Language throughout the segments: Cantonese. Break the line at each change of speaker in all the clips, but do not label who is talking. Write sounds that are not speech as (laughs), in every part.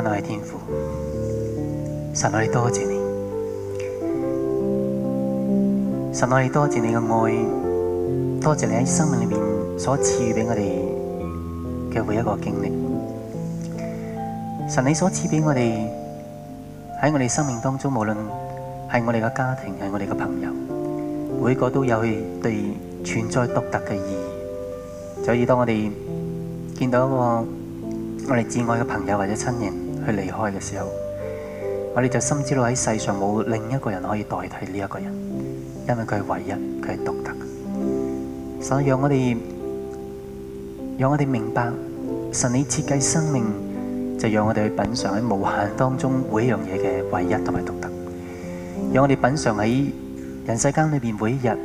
神愛你天父，神愛你多謝你，神愛你多謝你嘅愛，多謝你喺生命裏面所賜予俾我哋嘅每一個經歷。神你所賜俾我哋喺我哋生命當中，無論係我哋嘅家庭，係我哋嘅朋友，每個都有佢對存在獨特嘅意義。所以當我哋見到一個我哋至愛嘅朋友或者親人，去離開嘅時候，我哋就深知道喺世上冇另一個人可以代替呢一個人，因為佢係唯一，佢係獨特。所以讓我哋，讓我哋明白神你設計生命，就讓我哋去品嘗喺無限當中每一樣嘢嘅唯一同埋獨特。讓我哋品嘗喺人世間裏邊每一日，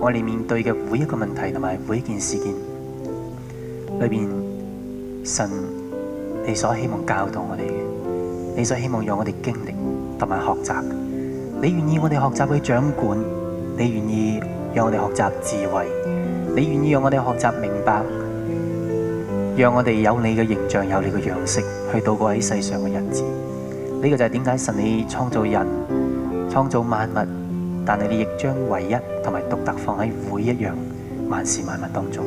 我哋面對嘅每一個問題同埋每一件事件裏邊，神。你所希望教導我哋嘅，你所希望讓我哋經歷同埋學習，你願意我哋學習去掌管，你願意讓我哋學習智慧，你願意讓我哋學習明，明白，讓我哋有你嘅形像，有你嘅樣式去度過喺世上嘅日子。呢、這個就係點解神你創造人、創造萬物，但係你亦將唯一同埋獨特放喺每一樣萬事萬物當中。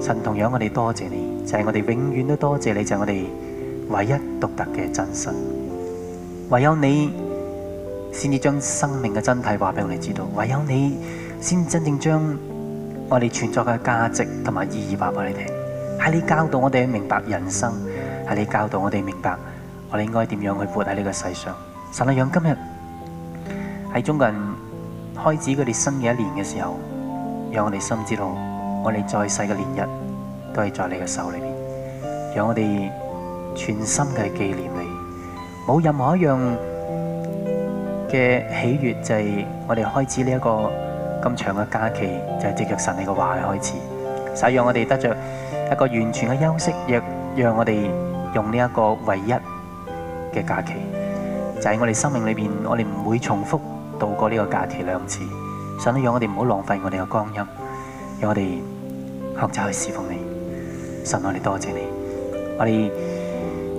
神同樣我哋多謝，謝你。就係我哋永遠都多謝，謝你，就係、是、我哋唯一獨特嘅真神。唯有你先至將生命嘅真諦話俾我哋知道，唯有你先真正將我哋存在嘅價值同埋意義話俾我哋聽。係你教導我哋明白人生，係你教導我哋明白我哋應該點樣去活喺呢個世上。神啊，讓今日喺中國人開始佢哋新嘅一年嘅時候，讓我哋深知道我哋在世嘅年日，都係在你嘅手裏邊，讓我哋全心嘅紀念你。冇任何一樣嘅喜悅就係、是、我哋開始呢一個咁長嘅假期，就係、是、藉着神你嘅話開始。使讓我哋得着一個完全嘅休息，亦讓我哋用呢一個唯一嘅假期，就喺、是、我哋生命裏邊，我哋唔會重複度過呢個假期兩次。所以讓我哋唔好浪費我哋嘅光陰，讓我哋學習去侍奉你。神愛你，我哋多謝你，我哋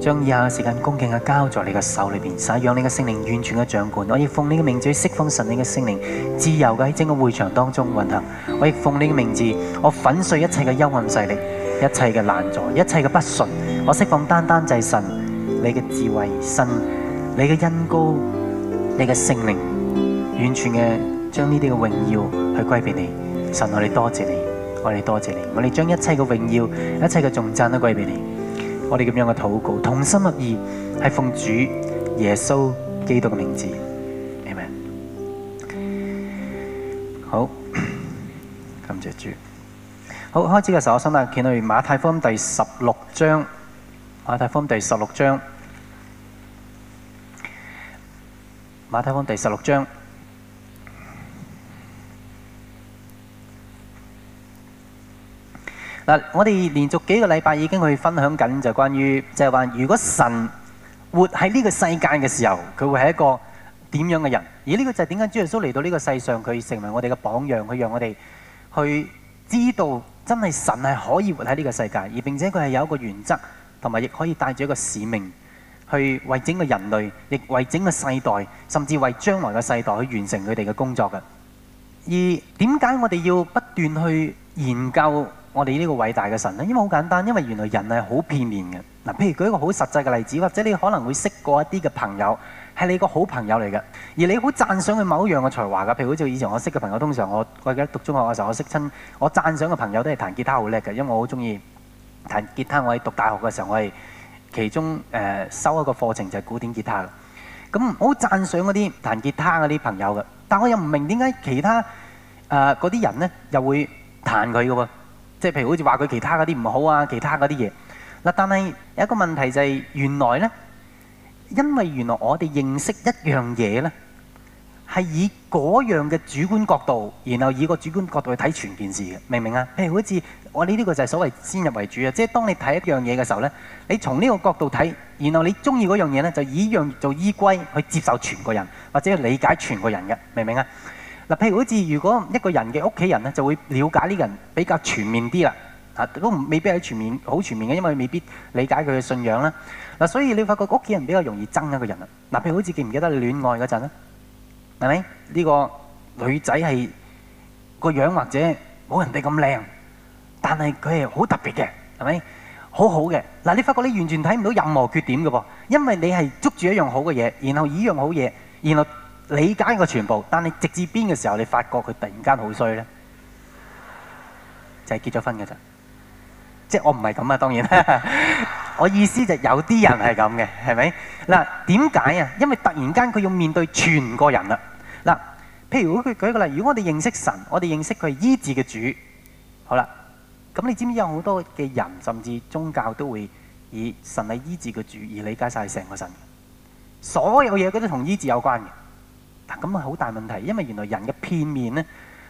將以下時間恭敬嘅交在你嘅手裏邊，使讓你嘅聖靈完全嘅掌管。我亦奉你嘅名字去釋放神你嘅聖靈，自由嘅喺整個會場當中運行。我亦奉你嘅名字，我粉碎一切嘅幽暗勢力，一切嘅攔阻，一切嘅不順。我釋放單單就係神，你嘅智慧，而神，你嘅恩膏，你嘅聖靈，完全嘅將呢啲嘅榮耀去歸俾你。神愛你，我哋多謝你。我哋多謝你，我哋將一切嘅榮耀、一切嘅頌讚都歸俾你。我哋咁樣嘅禱告，同心合意，係奉主耶穌基督嘅名字，阿門。好，感謝主。好，開始嘅時候，我希望大家見到《馬太福音》第十六章，《馬太福音》第十六章，《馬太福音》第十六章。嗱，我哋連續幾個禮拜已經去分享緊，就關於就係話，如果神活喺呢個世界嘅時候，佢會係一個點樣嘅人？而呢個就係點解主耶穌嚟到呢個世上，佢成為我哋嘅榜樣，去讓我哋去知道真係神係可以活喺呢個世界，而並且佢係有一個原則，同埋亦可以帶住一個使命去為整個人類，亦為整個世代，甚至為將來嘅世代去完成佢哋嘅工作嘅。而點解我哋要不斷去研究？我哋呢個偉大嘅神咧，因為好簡單，因為原來人係好片面嘅。嗱，譬如舉一個好實際嘅例子，或者你可能會識過一啲嘅朋友係你個好朋友嚟嘅，而你好讚賞佢某一樣嘅才華㗎。譬如好似以前我識嘅朋友，通常我我記得讀中學嘅時候，我識親我讚賞嘅朋友都係彈吉他好叻嘅，因為我好中意彈吉他。我喺讀大學嘅時候，我係其中誒、呃、收一個課程就係、是、古典吉他嘅。咁我好讚賞嗰啲彈吉他嗰啲朋友嘅，但我又唔明點解其他誒嗰啲人咧又會彈佢嘅喎。即係譬如好似話佢其他嗰啲唔好啊，其他嗰啲嘢嗱，但係有一個問題就係，原來呢，因為原來我哋認識一樣嘢呢，係以嗰樣嘅主觀角度，然後以個主觀角度去睇全件事嘅，明唔明啊？譬如好似我哋呢個就係所謂先入為主啊，即係當你睇一樣嘢嘅時候呢，你從呢個角度睇，然後你中意嗰樣嘢呢，就以樣做依歸去接受全個人或者理解全個人嘅，明唔明啊？嗱，譬如好似如果一個人嘅屋企人咧，就會了解呢個人比較全面啲啦。啊，都未必係全面，好全面嘅，因為未必理解佢嘅信仰啦。嗱，所以你發覺屋企人比較容易憎一個人啦。嗱，譬如好似記唔記得你戀愛嗰陣咧，係咪呢個女仔係個樣或者冇人哋咁靚，但係佢係好特別嘅，係咪好好嘅？嗱，你發覺你完全睇唔到任何缺點嘅噃，因為你係捉住一樣好嘅嘢，然後一樣好嘢，然後。理解個全部，但係直至邊嘅時候，你發覺佢突然間好衰咧，就係、是、結咗婚嘅啫。即係我唔係咁啊，當然， (laughs) 我意思就有啲人係咁嘅，係咪嗱？點解啊？因為突然間佢要面對全個人啦。嗱，譬如如果佢舉個例，如果我哋認識神，我哋認識佢係醫治嘅主，好啦，咁你知唔知有好多嘅人甚至宗教都會以神係醫治嘅主而理解晒成個神的，所有嘢都同醫治有關嘅。咁啊，好大問題，因為原來人嘅片面呢，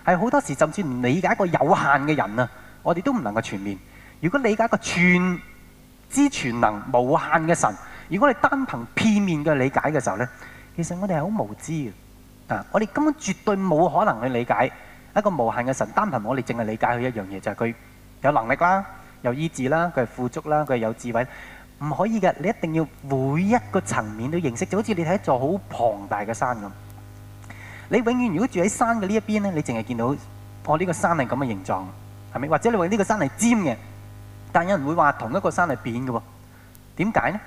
係好多時甚至唔理解一個有限嘅人啊。我哋都唔能夠全面。如果理解一個全知全能無限嘅神，如果你單憑片面嘅理解嘅時候呢，其實我哋係好無知嘅。啊，我哋根本絕對冇可能去理解一個無限嘅神。單憑我哋淨係理解佢一樣嘢，就係、是、佢有能力啦，有意志啦，佢係富足啦，佢係有智慧。唔可以嘅，你一定要每一個層面都認識。就好似你睇一座好龐大嘅山咁。你永遠如果住喺山嘅呢一邊咧，你淨係見到我呢、哦呢個山係咁嘅形狀，係咪？或者你話呢個山係尖嘅，但有人會話同一個山係扁嘅喎。點解呢？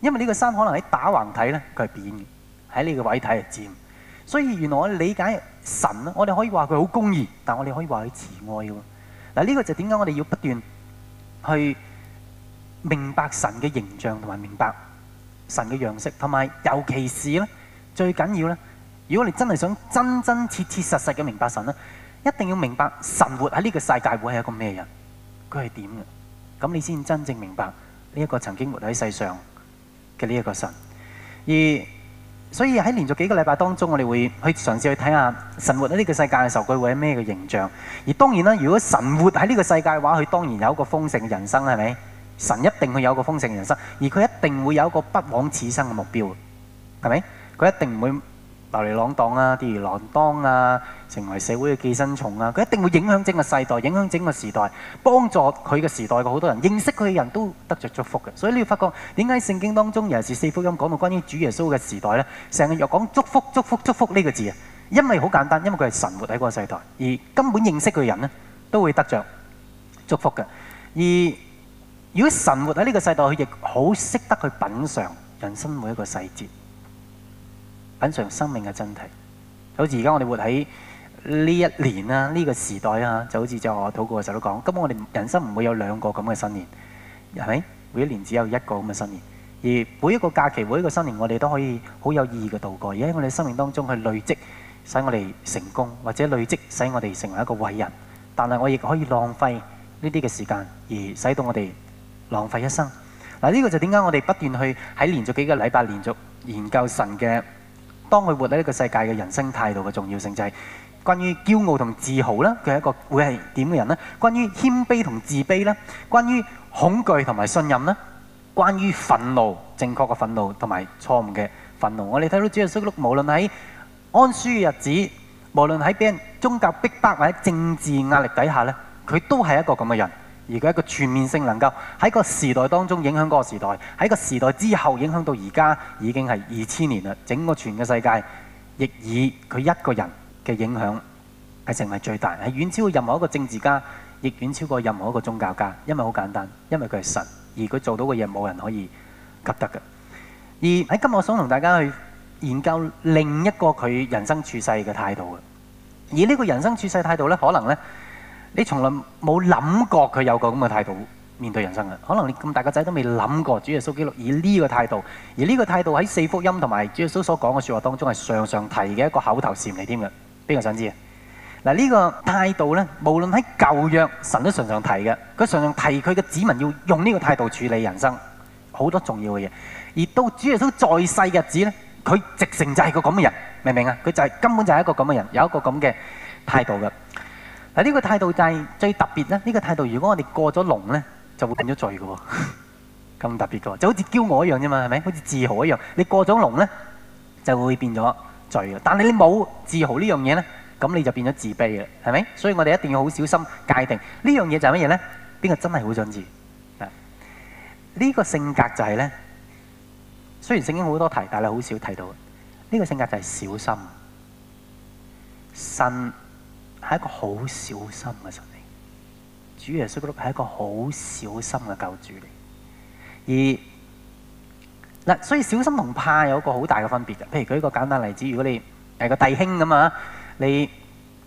因為呢個山可能喺打橫睇咧，佢係扁嘅；喺呢個位睇係尖的。所以原來我理解神咧，我哋可以話佢好公義，但我哋可以話佢慈愛嘅喎。嗱，呢個就點解我哋要不斷去明白神嘅形象同埋明白神嘅樣式，同埋尤其是咧最緊要咧。如果你真係想真真切切實實嘅明白神咧，一定要明白神活喺呢個世界會係一個咩人？佢係點嘅？咁你先真正明白呢一個曾經活喺世上嘅呢一個神。而所以喺連續幾個禮拜當中，我哋會去嘗試去睇下神活喺呢個世界嘅時候，佢會係咩嘅形象？而當然啦，如果神活喺呢個世界嘅話，佢當然有一個豐盛嘅人生，係咪？神一定會有一個豐盛嘅人生，而佢一定會有一個不枉此生嘅目標，係咪？佢一定唔會。流離浪蕩啊，譬如浪蕩啊，成為社會嘅寄生蟲啊，佢一定會影響整個世代，影響整個時代。幫助佢嘅時代嘅好多人，認識佢嘅人都得著祝福嘅。所以你要發覺，點解聖經當中尤其係四福音講到關於主耶穌嘅時代呢，成日又講祝福、祝福、祝福呢個字啊？因為好簡單，因為佢係神活喺個世代，而根本認識佢嘅人呢，都會得著祝福嘅。而如果神活喺呢個世代，佢亦好識得去品嚐人生每一個細節。品嚐生命嘅真諦，好似而家我哋活喺呢一年啊，呢個時代啊，就好似就我禱告嘅時候都講，咁我哋人生唔會有兩個咁嘅新年，係咪每一年只有一個咁嘅新年？而每一個假期，每一個新年，我哋都可以好有意義嘅度過，而喺我哋生命當中去累積，使我哋成功，或者累積使我哋成為一個偉人。但係我亦可以浪費呢啲嘅時間，而使到我哋浪費一生。嗱，呢個就點解我哋不斷去喺連續幾個禮拜連續研究神嘅，當佢活喺呢個世界嘅人生態度嘅重要性，就係關於驕傲同自豪啦，佢係一個會係點嘅人咧？關於謙卑同自卑咧？關於恐懼同埋信任咧？關於憤怒，正確嘅憤怒同埋錯誤嘅憤怒，我哋睇到主耶穌無論喺安舒嘅日子，無論喺俾人宗教逼迫或者政治壓力底下咧，佢都係一個咁嘅人。而佢一個全面性，能夠喺個時代當中影響嗰個時代，喺個時代之後影響到而家已經係二千年啦。整個全嘅世界亦以佢一個人嘅影響係成為最大，係遠超過任何一個政治家，亦遠超過任何一個宗教家。因為好簡單，因為佢係神，而佢做到嘅嘢冇人可以及得嘅。而喺今日，我想同大家去研究另一個佢人生處世嘅態度啊。而呢個人生處世態度咧，可能咧。你從來冇諗過佢有個咁嘅態度面對人生嘅，可能你咁大個仔都未諗過主耶穌基督以呢個態度，而呢個態度喺四福音同埋主耶穌所講嘅説話當中係常常提嘅一個口頭禪嚟添嘅，邊個想知啊？嗱，呢個態度咧，無論喺舊約，神都常常提嘅，佢常常提佢嘅子民要用呢個態度處理人生，好多重要嘅嘢。而到主耶穌在世嘅日子咧，佢直成就係個咁嘅人，明唔明啊？佢就係根本就係一個咁嘅人，有一個咁嘅態度嘅。啊！呢個態度就係最特別啦。呢個態度，如果我哋過咗龍咧，就會變咗罪嘅喎。咁特別嘅喎，就好似驕傲一樣啫嘛，係咪？好似自豪一樣。你過咗龍咧，就會變咗罪嘅。但係你冇自豪呢樣嘢咧，咁你就變咗自卑啦，係咪？所以我哋一定要好小心界定呢樣嘢就係乜嘢咧？邊個真係好準義？嗱，呢個性格就係咧，雖然聖經好多提，但係你好少睇到。呢個性格就係小心、慎。係一個好小心嘅神，主耶穌基督係一個好小心嘅救主嚟。而嗱，所以小心同怕有一個好大嘅分別嘅。譬如舉一個簡單例子，如果你係個弟兄咁啊，你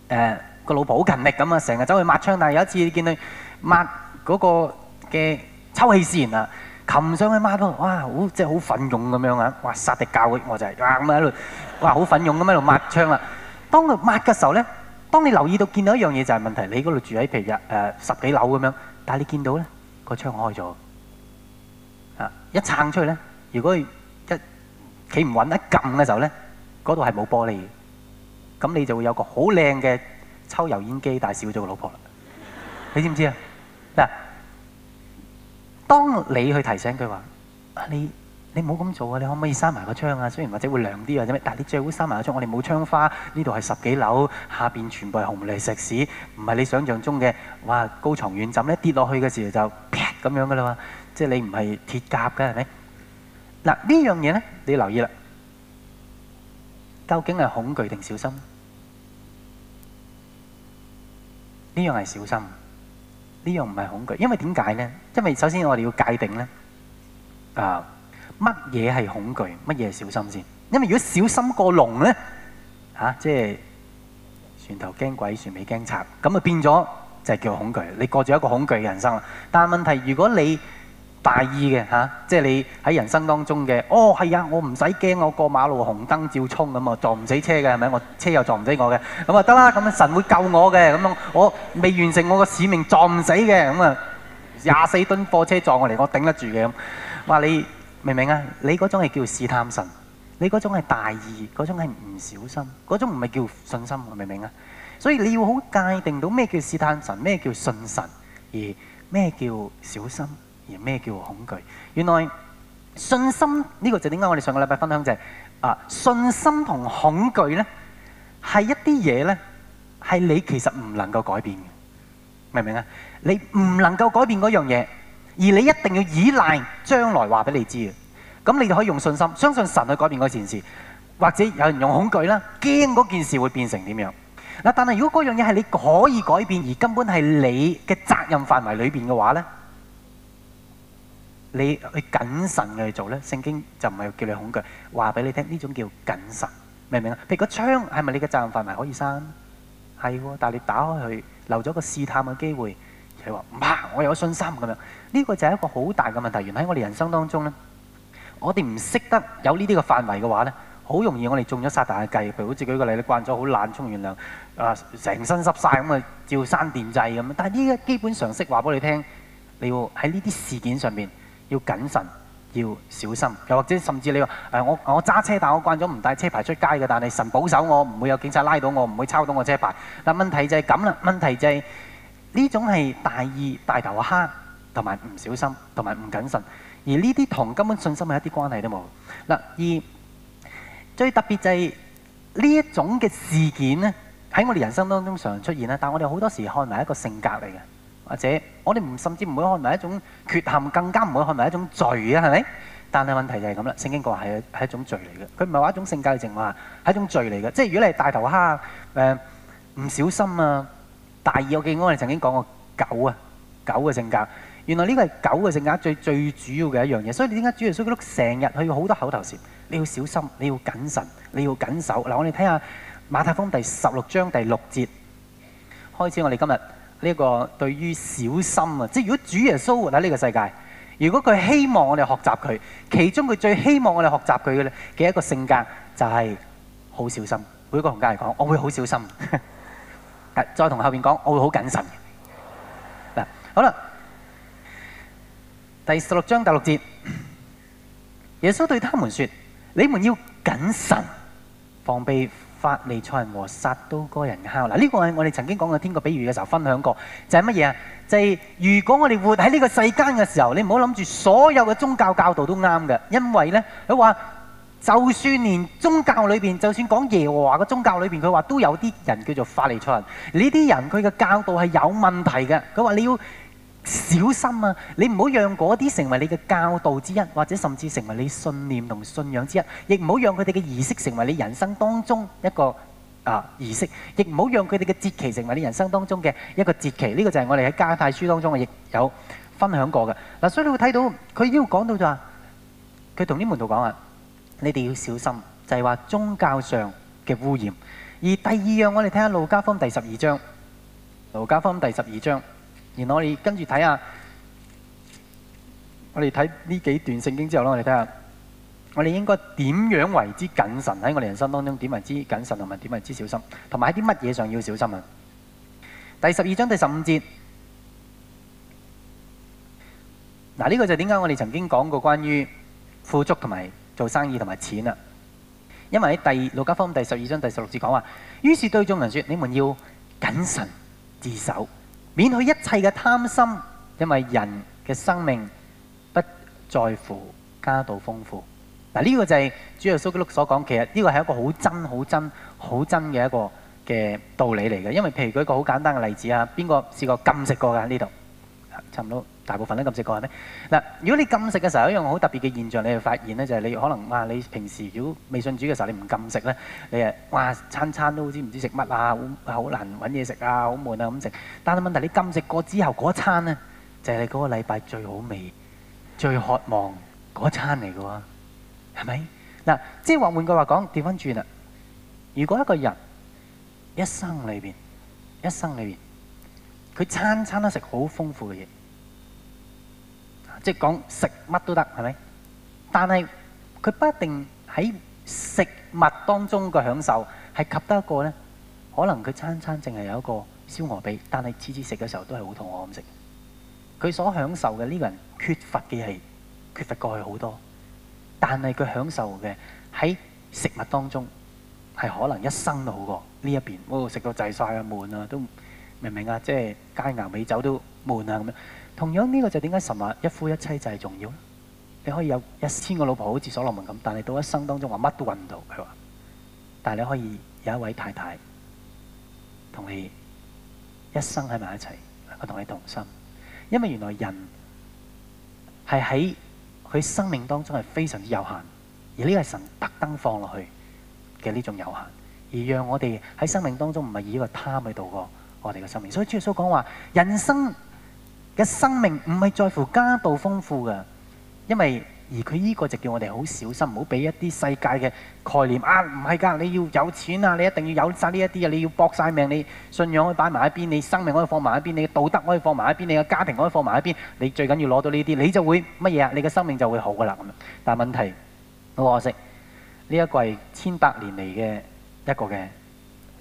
誒個、呃、老婆好勤力咁啊，成日走去抹窗，但係有一次你見佢抹嗰個嘅抽氣扇啊，擒上去抹都，哇！好即係好奮勇咁樣啊，哇！殺敵教會我就係咁喺度，哇！好奮勇咁喺度抹窗啦。當佢抹嘅時候咧。當你留意到見到一樣嘢就係、是、問題，你嗰度住喺譬如日誒、呃、十幾樓咁樣，但係你見到咧、個窗開咗，啊一撐出去咧，如果佢一企唔穩一撳嘅時候咧，嗰度係冇玻璃嘅，咁你就會有個好靚嘅抽油煙機大少咗個老婆啦，你知唔知啊？嗱，當你去提醒佢話你。你唔好咁做啊！你可唔可以閂埋個窗啊？雖然或者會涼啲啊，但係你最好閂埋個窗。我哋冇窗花，呢度係十幾樓，下邊全部係紅泥石屎，唔係你想象中嘅。哇！高床軟枕咧，跌落去嘅時候就劈咁樣噶啦嘛！即係你唔係鐵甲㗎，係咪？嗱，呢樣嘢咧，你要留意啦。究竟係恐懼定小心？呢樣係小心，呢樣唔係恐懼。因為點解咧？因為首先我哋要界定咧，啊。乜嘢係恐懼？乜嘢係小心先？因為如果小心過龍呢，嚇、啊，即係船頭驚鬼，船尾驚賊，咁啊變咗就係叫恐懼。你過住一個恐懼嘅人生啦。但係問題，如果你大意嘅嚇、啊，即係你喺人生當中嘅，哦係啊，我唔使驚，我過馬路紅燈照衝咁啊，撞唔死車嘅係咪？我車又撞唔死我嘅，咁啊得啦，咁啊神會救我嘅，咁樣我未完成我個使命撞唔死嘅，咁啊廿四噸貨車撞我嚟，我頂得住嘅咁。哇你！明唔明啊？你嗰種係叫試探神，你嗰種係大意，嗰種係唔小心，嗰種唔係叫信心，明唔明啊？所以你要好界定到咩叫試探神，咩叫信神，而咩叫小心，而咩叫恐懼。原來信心呢、這個就係點解我哋上個禮拜分享就係、是、啊，信心同恐懼咧係一啲嘢咧係你其實唔能夠改變嘅，明唔明啊？你唔能夠改變嗰樣嘢。而你一定要倚賴將來話俾你知，咁你就可以用信心，相信神去改變嗰件事，或者有人用恐懼啦，驚嗰件事會變成點樣？嗱，但係如果嗰樣嘢係你可以改變，而根本係你嘅責任範圍裏邊嘅話咧，你去謹慎嘅去做咧，聖經就唔係叫你恐懼，話俾你聽呢種叫謹慎，明唔明啊？譬如個窗係咪你嘅責任範圍可以閂？係，但係你打開佢，留咗個試探嘅機會。佢話唔怕！我有信心咁樣，呢、這個就係一個好大嘅問題。原來喺我哋人生當中呢，我哋唔識得有呢啲嘅範圍嘅話呢，好容易我哋中咗撒但嘅計。譬如好似舉個例，你慣咗好懶，沖完涼啊，成身濕晒，咁啊，照閂電掣咁。但係呢啲基本常識話俾你聽，你要喺呢啲事件上面要謹慎，要小心。又或者甚至你話誒、呃，我我揸車但我慣咗唔帶車牌出街嘅，但係神保守我唔會有警察拉到我，唔會抄到我車牌。但係問題就係咁啦，問題就係、是。呢種係大意、大頭蝦，同埋唔小心、同埋唔謹慎，而呢啲同根本信心係一啲關係都冇。嗱，而最特別就係呢一種嘅事件咧，喺我哋人生當中常出現啦。但係我哋好多時候看為一個性格嚟嘅，或者我哋唔甚至唔會看為一種缺陷，更加唔會看為一種罪啊，係咪？但係問題就係咁啦，聖經講係係一種罪嚟嘅，佢唔係話一種性格嚟嘅，而係一種罪嚟嘅。即係如果你係大頭蝦、誒、呃、唔小心啊。第二，我記我哋曾經講過狗啊，狗嘅性格，原來呢個係狗嘅性格最最主要嘅一樣嘢。所以你點解主耶穌佢碌成日，佢要好多口頭禪，你要小心，你要謹慎，你要謹守。嗱，我哋睇下馬太福音第十六章第六節開始，我們今天，我哋今日呢個對於小心啊，即係如果主耶穌活喺呢個世界，如果佢希望我哋學習佢，其中佢最希望我哋學習佢嘅嘅一個性格就係好小心。每個同家嚟講，我會好小心。呵呵啊！再同後面講，我會好謹慎嘅。嗱，好啦，第十六章第六節，耶穌對他們說：你們要謹慎，防備法利賽人和撒都該人嘅酵。嗱，呢個係我哋曾經講嘅天國比喻嘅時候分享過，就係乜嘢啊？就係如果我哋活喺呢個世間嘅時候，你唔好諗住所有嘅宗教教導都啱嘅，因為呢佢話。就算連宗教裏邊，就算講耶和華嘅宗教裏邊，佢話都有啲人叫做法利賽人。呢啲人佢嘅教導係有問題嘅。佢話你要小心啊，你唔好讓嗰啲成為你嘅教導之一，或者甚至成為你信念同信仰之一，亦唔好讓佢哋嘅儀式成為你人生當中一個啊儀式，亦唔好讓佢哋嘅節期成為你人生當中嘅一個節期。呢個就係我哋喺加太書當中亦有分享過嘅。嗱，所以你會睇到佢已經講到就話，佢同啲門徒講啊。你哋要小心，就係話宗教上嘅污染。而第二樣，我哋睇下《路加福音》第十二章，《路加福音》第十二章。然後我哋跟住睇下，我哋睇呢幾段聖經之後咧，我哋睇下，我哋應該點樣為之謹慎喺我哋人生當中？點為之謹慎同埋點為之小心？同埋喺啲乜嘢上要小心啊？第十二章第十五節，嗱，呢個就係點解我哋曾經講過關於富足同埋，做生意同埋錢啊，因為喺第路加福音第十二章第十六節，講話，於是對眾人說：你們要謹慎自守，免去一切嘅貪心，因為人嘅生命不在乎家道豐富。嗱，呢個就係主耶穌基督所講，其實呢個係一個好真、好真、好真嘅一個嘅道理嚟嘅。因為譬如舉一個好簡單嘅例子啊，邊個試過禁食過㗎呢度？差唔多。大部分都禁食過咧，嗱，如果你禁食嘅時候有一樣好特別嘅現象，你會發現咧，就係、是、你可能哇，你平時如果微信煮嘅時候你唔禁食咧，你誒哇餐餐都好似唔知食乜啊？好難揾嘢食啊，好悶啊，咁食。但係問題是你禁食過之後嗰餐呢，就係、是、你嗰個禮拜最好味、最渴望嗰餐嚟嘅喎，係咪？嗱，即係話換句話講，調返轉啦。如果一個人一生裏邊、一生裏邊，佢餐餐都食好豐富嘅嘢。即係講食乜都得，係咪？但係佢不一定喺食物當中嘅享受係及得過咧。可能佢餐餐淨係有一個燒鵝髀，但係次次食嘅時候都係好肚餓咁食。佢所享受嘅呢、這個人缺乏嘅係缺乏過去好多。但係佢享受嘅喺食物當中係可能一生都好過呢一邊。我，食到滯晒啊，悶啊，都明唔明啊？即係佳餚美酒都悶啊咁樣。同樣呢個就點解神話一夫一妻就係重要咧？你可以有一千個老婆好似所羅門咁，但係到一生當中話乜都揾唔到佢話，但係你可以有一位太太同你一生喺埋一齊，佢同你同心，因為原來人係喺佢生命當中係非常之有限，而呢個係神特登放落去嘅呢種有限，而讓我哋喺生命當中唔係以一個貪去度過我哋嘅生命。所以主耶穌講話，人生。嘅生命唔係在乎家道豐富嘅，因為而佢呢個就叫我哋好小心，唔好俾一啲世界嘅概念啊，唔係㗎，你要有錢啊，你一定要有晒呢一啲啊，你要搏晒命，你信仰可以擺埋一邊，你生命可以放埋一邊，你道德可以放埋一邊，你嘅家庭可以放埋一邊。你最緊要攞到呢啲，你就會乜嘢啊？你嘅生命就會好㗎啦。但係問題好可惜，呢、這個、一個係千百年嚟嘅一個嘅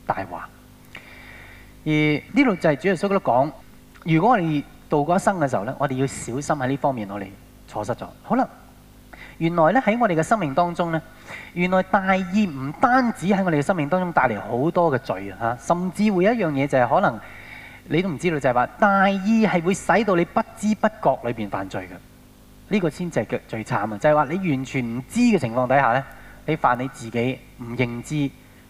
大話。而呢度就係主耶穌都講，如果我哋度過一生嘅時候呢，我哋要小心喺呢方面我哋錯失咗。好啦，原來呢，喺我哋嘅生命當中呢，原來大意唔單止喺我哋嘅生命當中帶嚟好多嘅罪啊，甚至會一樣嘢就係可能你都唔知道就係話大意係會使到你不知不覺裏邊犯罪嘅。呢個先至係最最慘嘅，就係話你完全唔知嘅情況底下呢，你犯你自己唔認知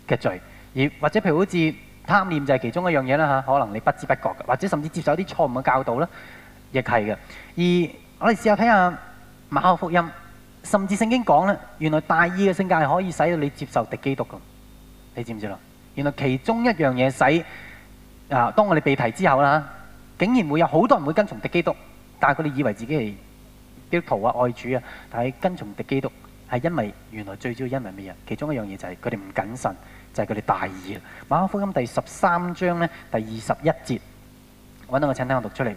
嘅罪，而或者譬如好似。貪念就係其中一樣嘢啦嚇，可能你不知不覺嘅，或者甚至接受一啲錯誤嘅教導咧，亦係嘅。而我哋試下睇下馬可福音，甚至聖經講咧，原來大意嘅性格係可以使到你接受敵基督嘅。你知唔知啦？原來其中一樣嘢使啊，當我哋被提之後啦，竟然會有好多人會跟從敵基督，但係佢哋以為自己係基督徒啊、愛主啊，但係跟從敵基督係因為原來最主要因為咩啊？其中一樣嘢就係佢哋唔謹慎。就係佢哋大意啦。馬可福音第十三章呢，第二十一節，揾到我請聽我讀出嚟。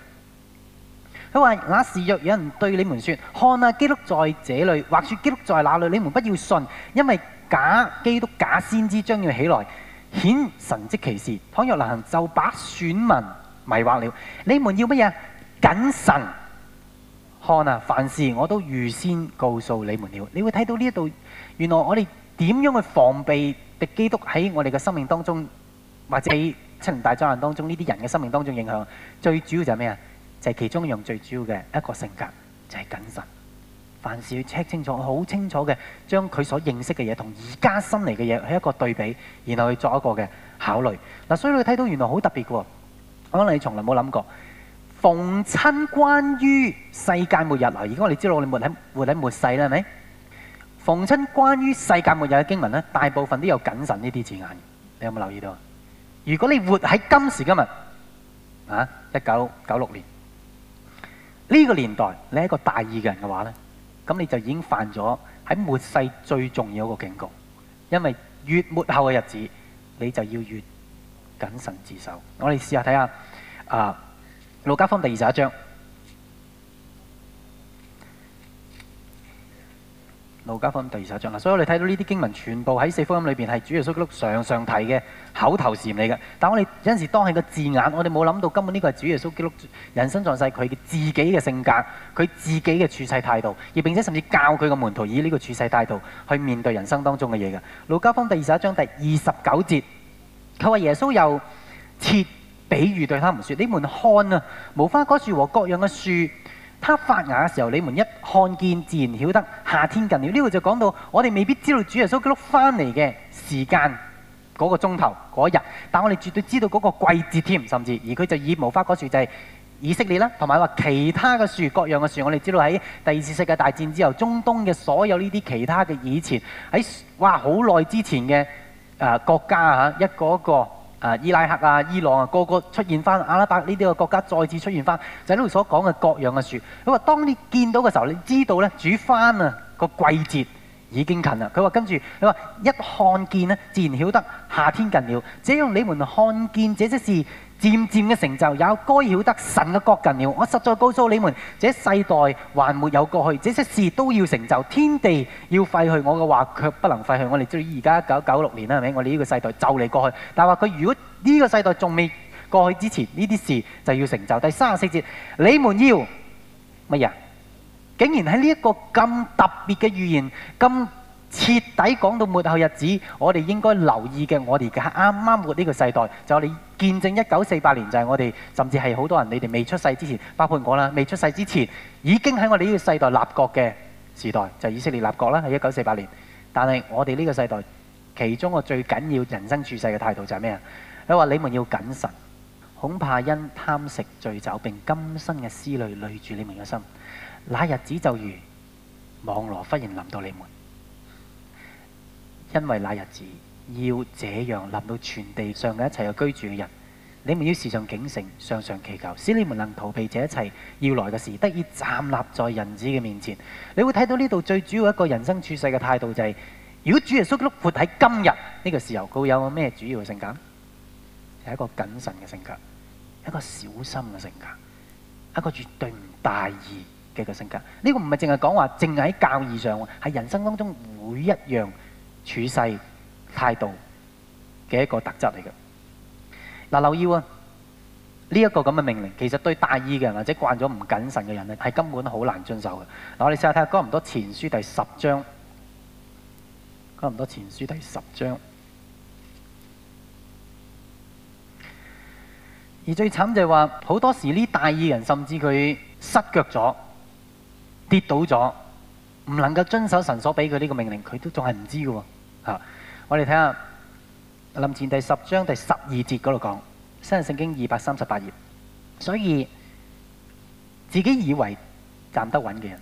佢話那時若有人對你們説：看啊，基督在這裡，或説基督在那裡，你們不要信，因為假基督、假先知將要起來顯神蹟奇事。倘若能行，就把選民迷惑了。你們要乜嘢？謹慎看啊！凡事我都預先告訴你們了。你會睇到呢一度，原來我哋點樣去防備。啲基督喺我哋嘅生命當中，或者喺七大災難當中呢啲人嘅生命當中影響，最主要就係咩啊？就係其中一樣最主要嘅一個性格，就係謹慎。凡事要 check 清楚，好清楚嘅，將佢所認識嘅嘢同而家新嚟嘅嘢去一個對比，然後去做一個嘅考慮。嗱，所以你睇到原來好特別嘅喎，可能你從來冇諗過。逢親關於世界末日啊，而家我哋知道我哋活喺活喺末世啦，係咪？逢親關於世界末日嘅經文咧，大部分都有謹慎呢啲字眼。你有冇留意到？如果你活喺今時今日，啊，一九九六年呢個年代，你係一個大意嘅人嘅話咧，咁你就已經犯咗喺末世最重要一個警告。因為越末後嘅日子，你就要越謹慎自守。我哋試下睇下啊，路加福音第二十一章。路加福音第二十一章啦，所以我哋睇到呢啲經文，全部喺四福音裏邊係主耶穌基督常常提嘅口頭禪嚟嘅。但我哋有陣時當係個字眼，我哋冇諗到根本呢個係主耶穌基督人生在世佢嘅自己嘅性格，佢自己嘅處世態度，而並且甚至教佢嘅門徒以呢個處世態度去面對人生當中嘅嘢嘅。路加福音第二十一章第二十九節，佢話耶穌又設比喻對他們説：你們看啊，無花果樹和各樣嘅樹。它發芽嘅時候，你們一看見，自然曉得夏天近了。呢度就講到，我哋未必知道主耶穌基督翻嚟嘅時間嗰、嗰個鐘頭嗰日，但我哋絕對知道嗰個季節添，甚至而佢就以無花果樹就係以色列啦，同埋話其他嘅樹各樣嘅樹，我哋知道喺第二次世界大戰之後，中東嘅所有呢啲其他嘅以前喺哇好耐之前嘅誒、呃、國家嚇一個一個。啊，伊拉克啊、伊朗啊，個個出現翻阿拉伯呢啲嘅國家，再次出現翻就係呢度所講嘅各樣嘅樹。佢話：當你見到嘅時候，你知道咧，主翻啊個季節已經近啦。佢話，跟住佢話一看見咧，自然曉得夏天近了。這樣你們看見這些事。漸漸嘅成就，也該曉得神嘅國近了。我實在告訴你們，這世代還沒有過去，這些事都要成就。天地要廢去，我嘅話卻不能廢去。我哋至於而家一九九六年啦，係咪？我哋呢個世代就嚟過去，但係話佢如果呢個世代仲未過去之前，呢啲事就要成就。第三十四節，你們要乜嘢？竟然喺呢一個咁特別嘅預言，咁～徹底講到末後日子，我哋應該留意嘅，我哋嘅啱啱末呢個世代，就是、我哋見證一九四八年，就係、是、我哋，甚至係好多人你哋未出世之前，包括我啦，未出世之前已經喺我哋呢個世代立國嘅時代，就是、以色列立國啦，喺一九四八年。但係我哋呢個世代，其中個最緊要人生處世嘅態度就係咩啊？佢話你們要謹慎，恐怕因貪食醉酒並今生嘅思慮累住你們嘅心，那日子就如網羅忽然臨到你們。因為那日子要這樣臨到全地上嘅一切有居住嘅人，你們要時常警醒，常常祈求，使你們能逃避這一切要來嘅事，得以站立在人子嘅面前。你會睇到呢度最主要一個人生處世嘅態度就係、是，如果主耶穌基督活喺今日呢、這個時候，佢有個咩主要嘅性格？係、就是、一個謹慎嘅性格，一個小心嘅性格，一個絕對唔大意嘅一個性格。呢、這個唔係淨係講話，淨係喺教義上，係人生當中每一樣。處世態度嘅一個特質嚟嘅。嗱，留意啊，呢、這、一個咁嘅命令，其實對大意嘅人，或者慣咗唔謹慎嘅人咧，係根本好難遵守嘅。嗱，我哋試下睇下，哥林多前書第十章，哥林多前書第十章。而最慘就係、是、話，好多時呢大意人，甚至佢失腳咗，跌倒咗。唔能夠遵守神所俾佢呢個命令，佢都仲係唔知嘅。吓，我哋睇下林前第十章第十二節嗰度講，新日聖經二百三十八頁。所以自己以為站得穩嘅人，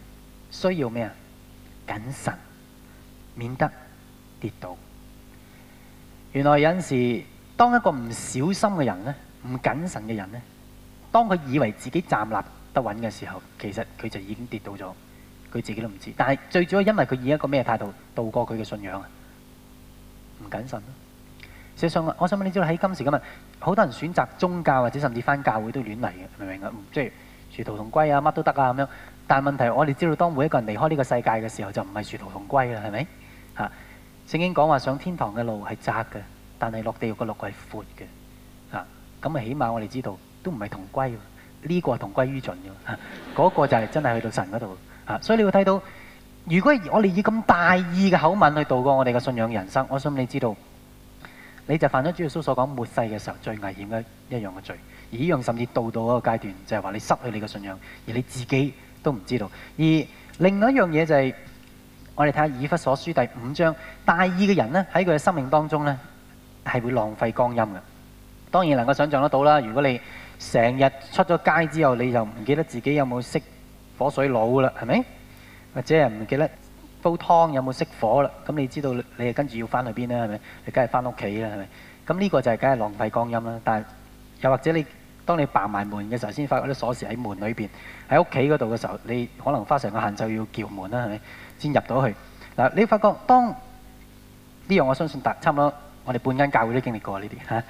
需要咩啊？謹慎，免得跌倒。原來有陣時，當一個唔小心嘅人呢，唔謹慎嘅人呢，當佢以為自己站立得穩嘅時候，其實佢就已經跌倒咗。佢自己都唔知，但係最主要因為佢以一個咩態度度過佢嘅信仰啊？唔謹慎咯。實際上，我想問你：知道喺今時今日，好多人選擇宗教或者甚至返教會都亂嚟嘅，明唔明啊？嗯，即係殊途同歸啊，乜都得啊咁樣。但係問題，我哋知道當每一個人離開呢個世界嘅時候，就唔係殊途同歸啦，係咪？嚇！聖經講話上天堂嘅路係窄嘅，但係落地獄嘅路係闊嘅。嚇！咁啊，起碼我哋知道都唔係同歸，呢個係同歸於盡嘅，嗰個就係真係去到神嗰度。所以你會睇到，如果我哋以咁大意嘅口吻去度過我哋嘅信仰人生，我想你知道，你就犯咗主耶穌所講末世嘅時候最危險嘅一樣嘅罪。而呢樣甚至到到嗰個階段，就係話你失去你嘅信仰，而你自己都唔知道。而另外一樣嘢就係，我哋睇下以弗所書第五章，大意嘅人呢，喺佢嘅生命當中呢，係會浪費光陰嘅。當然能夠想象得到啦。如果你成日出咗街之後，你就唔記得自己有冇識。火水老啦，係咪？或者唔記得煲湯有冇熄火啦？咁你知道你係跟住要翻去邊啦？係咪？你梗係翻屋企啦？係咪？咁呢個就係梗係浪費光陰啦。但係又或者你當你掙埋門嘅時候，先發覺啲鎖匙喺門裏邊，喺屋企嗰度嘅時候，你可能花成個晏晝要撬門啦，係咪？先入到去嗱，你發覺當呢樣，我相信大差唔多我哋半間教會都經歷過呢啲嚇。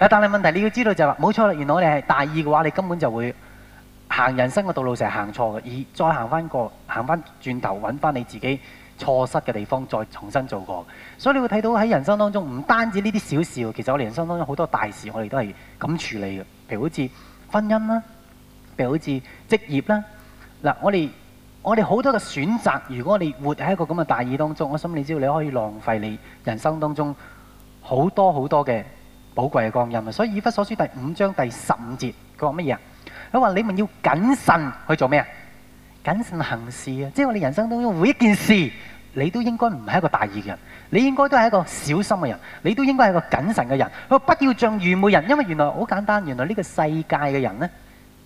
(laughs) 但係問題你要知道就係話，冇錯啦，原來我哋係大意嘅話，你根本就會。行人生嘅道路成日行錯嘅，而再行翻個，行翻轉頭，揾翻你自己錯失嘅地方，再重新做過。所以你會睇到喺人生當中唔單止呢啲小事，其實我哋人生當中好多大事，我哋都係咁處理嘅。譬如好似婚姻啦，譬如好似職業啦，嗱我哋我哋好多嘅選擇。如果我哋活喺一個咁嘅大意當中，我想你知道你可以浪費你人生當中好多好多嘅寶貴嘅光陰啊！所以以弗所書第五章第十五節，佢話乜嘢啊？佢話你咪要謹慎去做咩啊？謹慎行事啊！即係我哋人生當中每一件事，你都應該唔係一個大意嘅人，你應該都係一個小心嘅人，你都應該係一個謹慎嘅人。佢不要像愚昧人，因為原來好簡單，原來呢個世界嘅人呢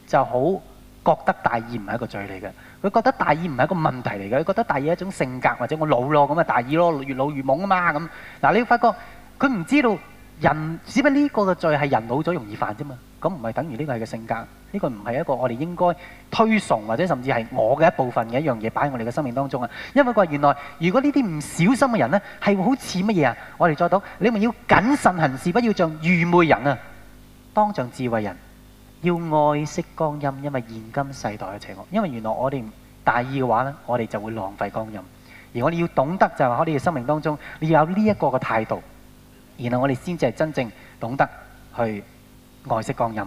就好覺得大意唔係一個罪嚟嘅，佢覺得大意唔係一個問題嚟嘅，佢覺得大意係一種性格，或者我老咯咁啊，大意咯，越老越懵啊嘛咁。嗱，你會發覺佢唔知道人，只不過呢個嘅罪係人老咗容易犯啫嘛，咁唔係等於呢個係個性格。呢個唔係一個我哋應該推崇或者甚至係我嘅一部分嘅一樣嘢擺喺我哋嘅生命當中啊！因為佢話原來如果呢啲唔小心嘅人咧，係會好似乜嘢啊？我哋再讀，你們要謹慎行事，不要像愚昧人啊，當像智慧人，要愛惜光陰，因為現今世代嘅情況邪惡。因為原來我哋唔大意嘅話咧，我哋就會浪費光陰。而我哋要懂得就係喺我哋嘅生命當中，你要有呢一個嘅態度，然後我哋先至係真正懂得去愛惜光陰。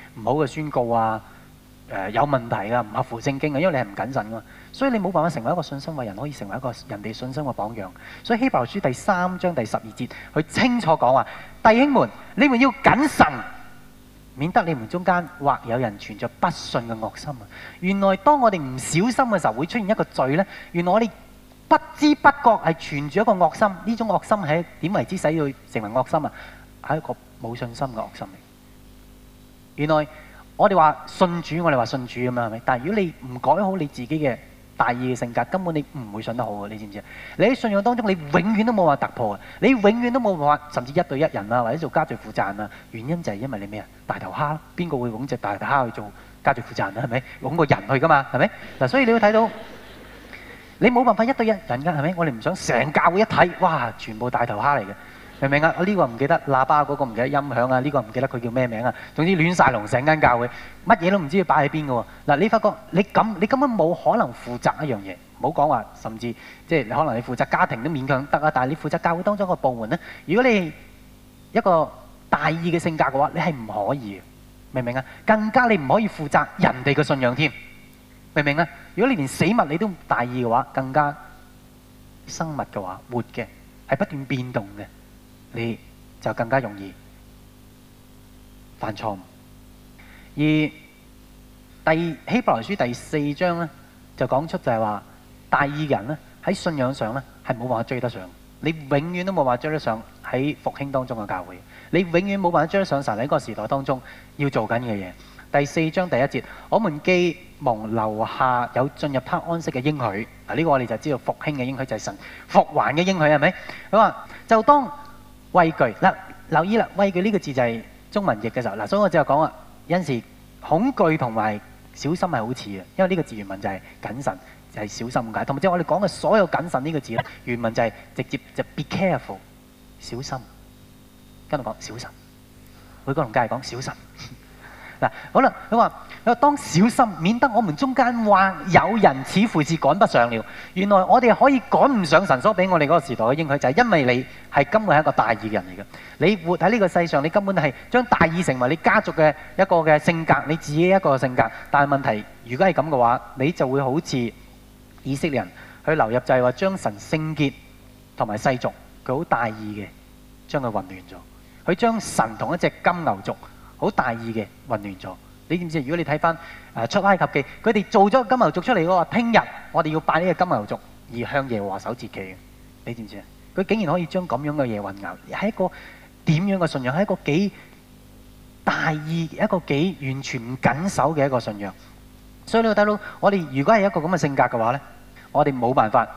唔好嘅宣告啊、呃！有問題啊，唔合乎聖經啊，因為你係唔謹慎嘛，所以你冇辦法成為一個信心為人，可以成為一個人哋信心嘅榜樣，所以希伯來書第三章第十二節，佢清楚講話弟兄們，你們要謹慎，免得你們中間或有人存着不信嘅惡心啊！原來當我哋唔小心嘅時候，會出現一個罪咧。原來我哋不知不覺係存住一個惡心，呢種惡心係點為之使要成為惡心啊？係一個冇信心嘅惡心原來我哋話信主，我哋話信主咁樣，係咪？但如果你唔改好你自己嘅大意嘅性格，根本你唔會信得好嘅，你知唔知啊？你喺信仰當中，你永遠都冇話突破，你永遠都冇話甚至一對一人啊，或者做家族負責啊。原因就係因為你咩啊？大頭蝦，邊個會揾隻大頭蝦去做家族負責人啊？係咪？揾個人去㗎嘛，係咪？嗱，所以你會睇到你冇辦法一對一人㗎，係咪？我哋唔想成教會一睇，哇，全部大頭蝦嚟嘅。明唔明啊？呢個唔記得喇叭，嗰個唔記得音響啊，呢個唔記得佢叫咩名啊。總之亂晒龍，成間教會，乜嘢都唔知擺喺邊嘅喎。嗱，你發覺你咁你根本冇可能負責一樣嘢，唔好講話，甚至即係你可能你負責家庭都勉強得啊。但係你負責教會當中個部門咧，如果你一個大意嘅性格嘅話，你係唔可以，明唔明啊？更加你唔可以負責人哋嘅信仰添，明唔明啊？如果你連死物你都大意嘅話，更加生物嘅話，活嘅係不斷變動嘅。你就更加容易犯錯誤。而第希伯來書第四章呢，就講出就係話大意人呢，喺信仰上呢，係冇辦法追得上，你永遠都冇辦法追得上喺復興當中嘅教會，你永遠冇辦法追得上神喺一個時代當中要做緊嘅嘢。第四章第一節，我們既蒙留下有進入他安息嘅應許，嗱、這、呢個我哋就知道復興嘅應許就係神復還嘅應許係咪？佢話就當。畏懼嗱，留意啦，畏懼呢個字就係中文譯嘅時候嗱，所以我就講話，有陣時恐懼同埋小心係好似嘅，因為呢個字原文就係謹慎，就係小心咁解。同埋即係我哋講嘅所有謹慎呢個字咧，原文就係直接就 be careful，小心。跟住講小心，每個人梗係講小心嗱。 (laughs) 好啦，佢話。當小心，免得我們中間話有人似乎是趕不上了。原來我哋可以趕唔上神所俾我哋嗰個時代嘅應許，就係因為你係根本係一個大意嘅人嚟嘅。你活喺呢個世上，你根本係將大意成為你家族嘅一個嘅性格，你自己一個的性格。但係問題，如果係咁嘅話，你就會好似以色列人去流入，就係話將神聖潔同埋世俗，佢好大意嘅，將佢混亂咗。佢將神同一隻金牛犢好大意嘅混亂咗。你知唔知？如果你睇翻《誒出埃及記》，佢哋做咗金牛族出嚟嗰個，聽日我哋要拜呢個金牛族而向耶和華守節期嘅，你知唔知？佢竟然可以將咁樣嘅嘢混淆，係一個點樣嘅信仰？係一個幾大意、一個幾完全唔緊守嘅一個信仰。所以呢個大佬，我哋如果係一個咁嘅性格嘅話咧，我哋冇辦法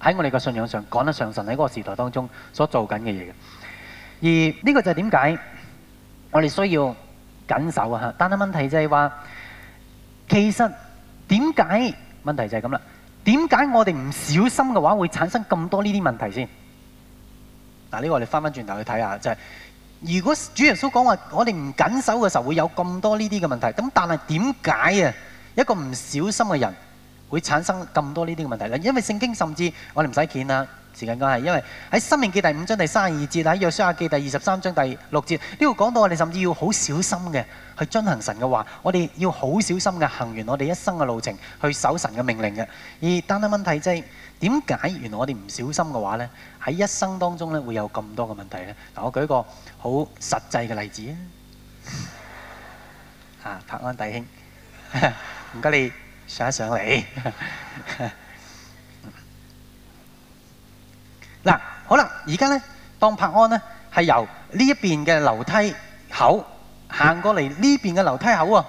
喺我哋嘅信仰上講得上神喺嗰個時代當中所做緊嘅嘢嘅。而呢個就係點解我哋需要。緊守啊！吓，但係問題就係話，其實點解問題就係咁啦？點解我哋唔小心嘅話會產生咁多呢啲問題先？嗱，呢個我哋翻翻轉頭去睇下，就係如果主耶穌講話，我哋唔緊守嘅時候會有咁多呢啲嘅問題，咁但係點解啊？一個唔小心嘅人。會產生咁多呢啲嘅問題啦，因為聖經甚至我哋唔使見啦，時間關係。因為喺申命記第五章第三十二節，喺約書亞記第二十三章第六節，呢度講到我哋甚至要好小心嘅去遵行神嘅話，我哋要好小心嘅行完我哋一生嘅路程，去守神嘅命令嘅。而單單問題即係點解原來我哋唔小心嘅話呢？喺一生當中咧會有咁多嘅問題咧？嗱，我舉一個好實際嘅例子啊！柏安弟兄，唔該你。上一上嚟， (laughs) 嗱，好啦，而家咧，當柏安咧係由呢一邊嘅樓梯口行過嚟呢邊嘅樓梯口喎、哦。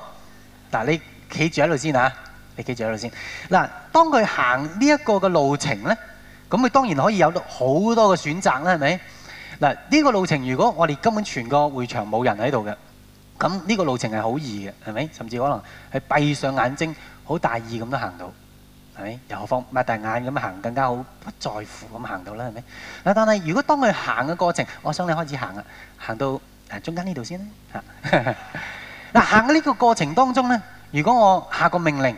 嗱、啊，你企住喺度先啊，你企住喺度先。嗱、啊，當佢行呢一個嘅路程咧，咁佢當然可以有好多嘅選擇啦，係咪？嗱、啊，呢、呢個路程如果我哋根本全個會場冇人喺度嘅，咁呢個路程係好易嘅，係咪？甚至可能係閉上眼睛。好大意咁都行到，係咪？又何妨擘大眼咁行，更加好不在乎咁行到啦，係咪？嗱，但係如果當佢行嘅過程，我想你開始行啊，行到啊中間呢度先啦。嗱，行嘅呢個過程當中咧，如果我下個命令，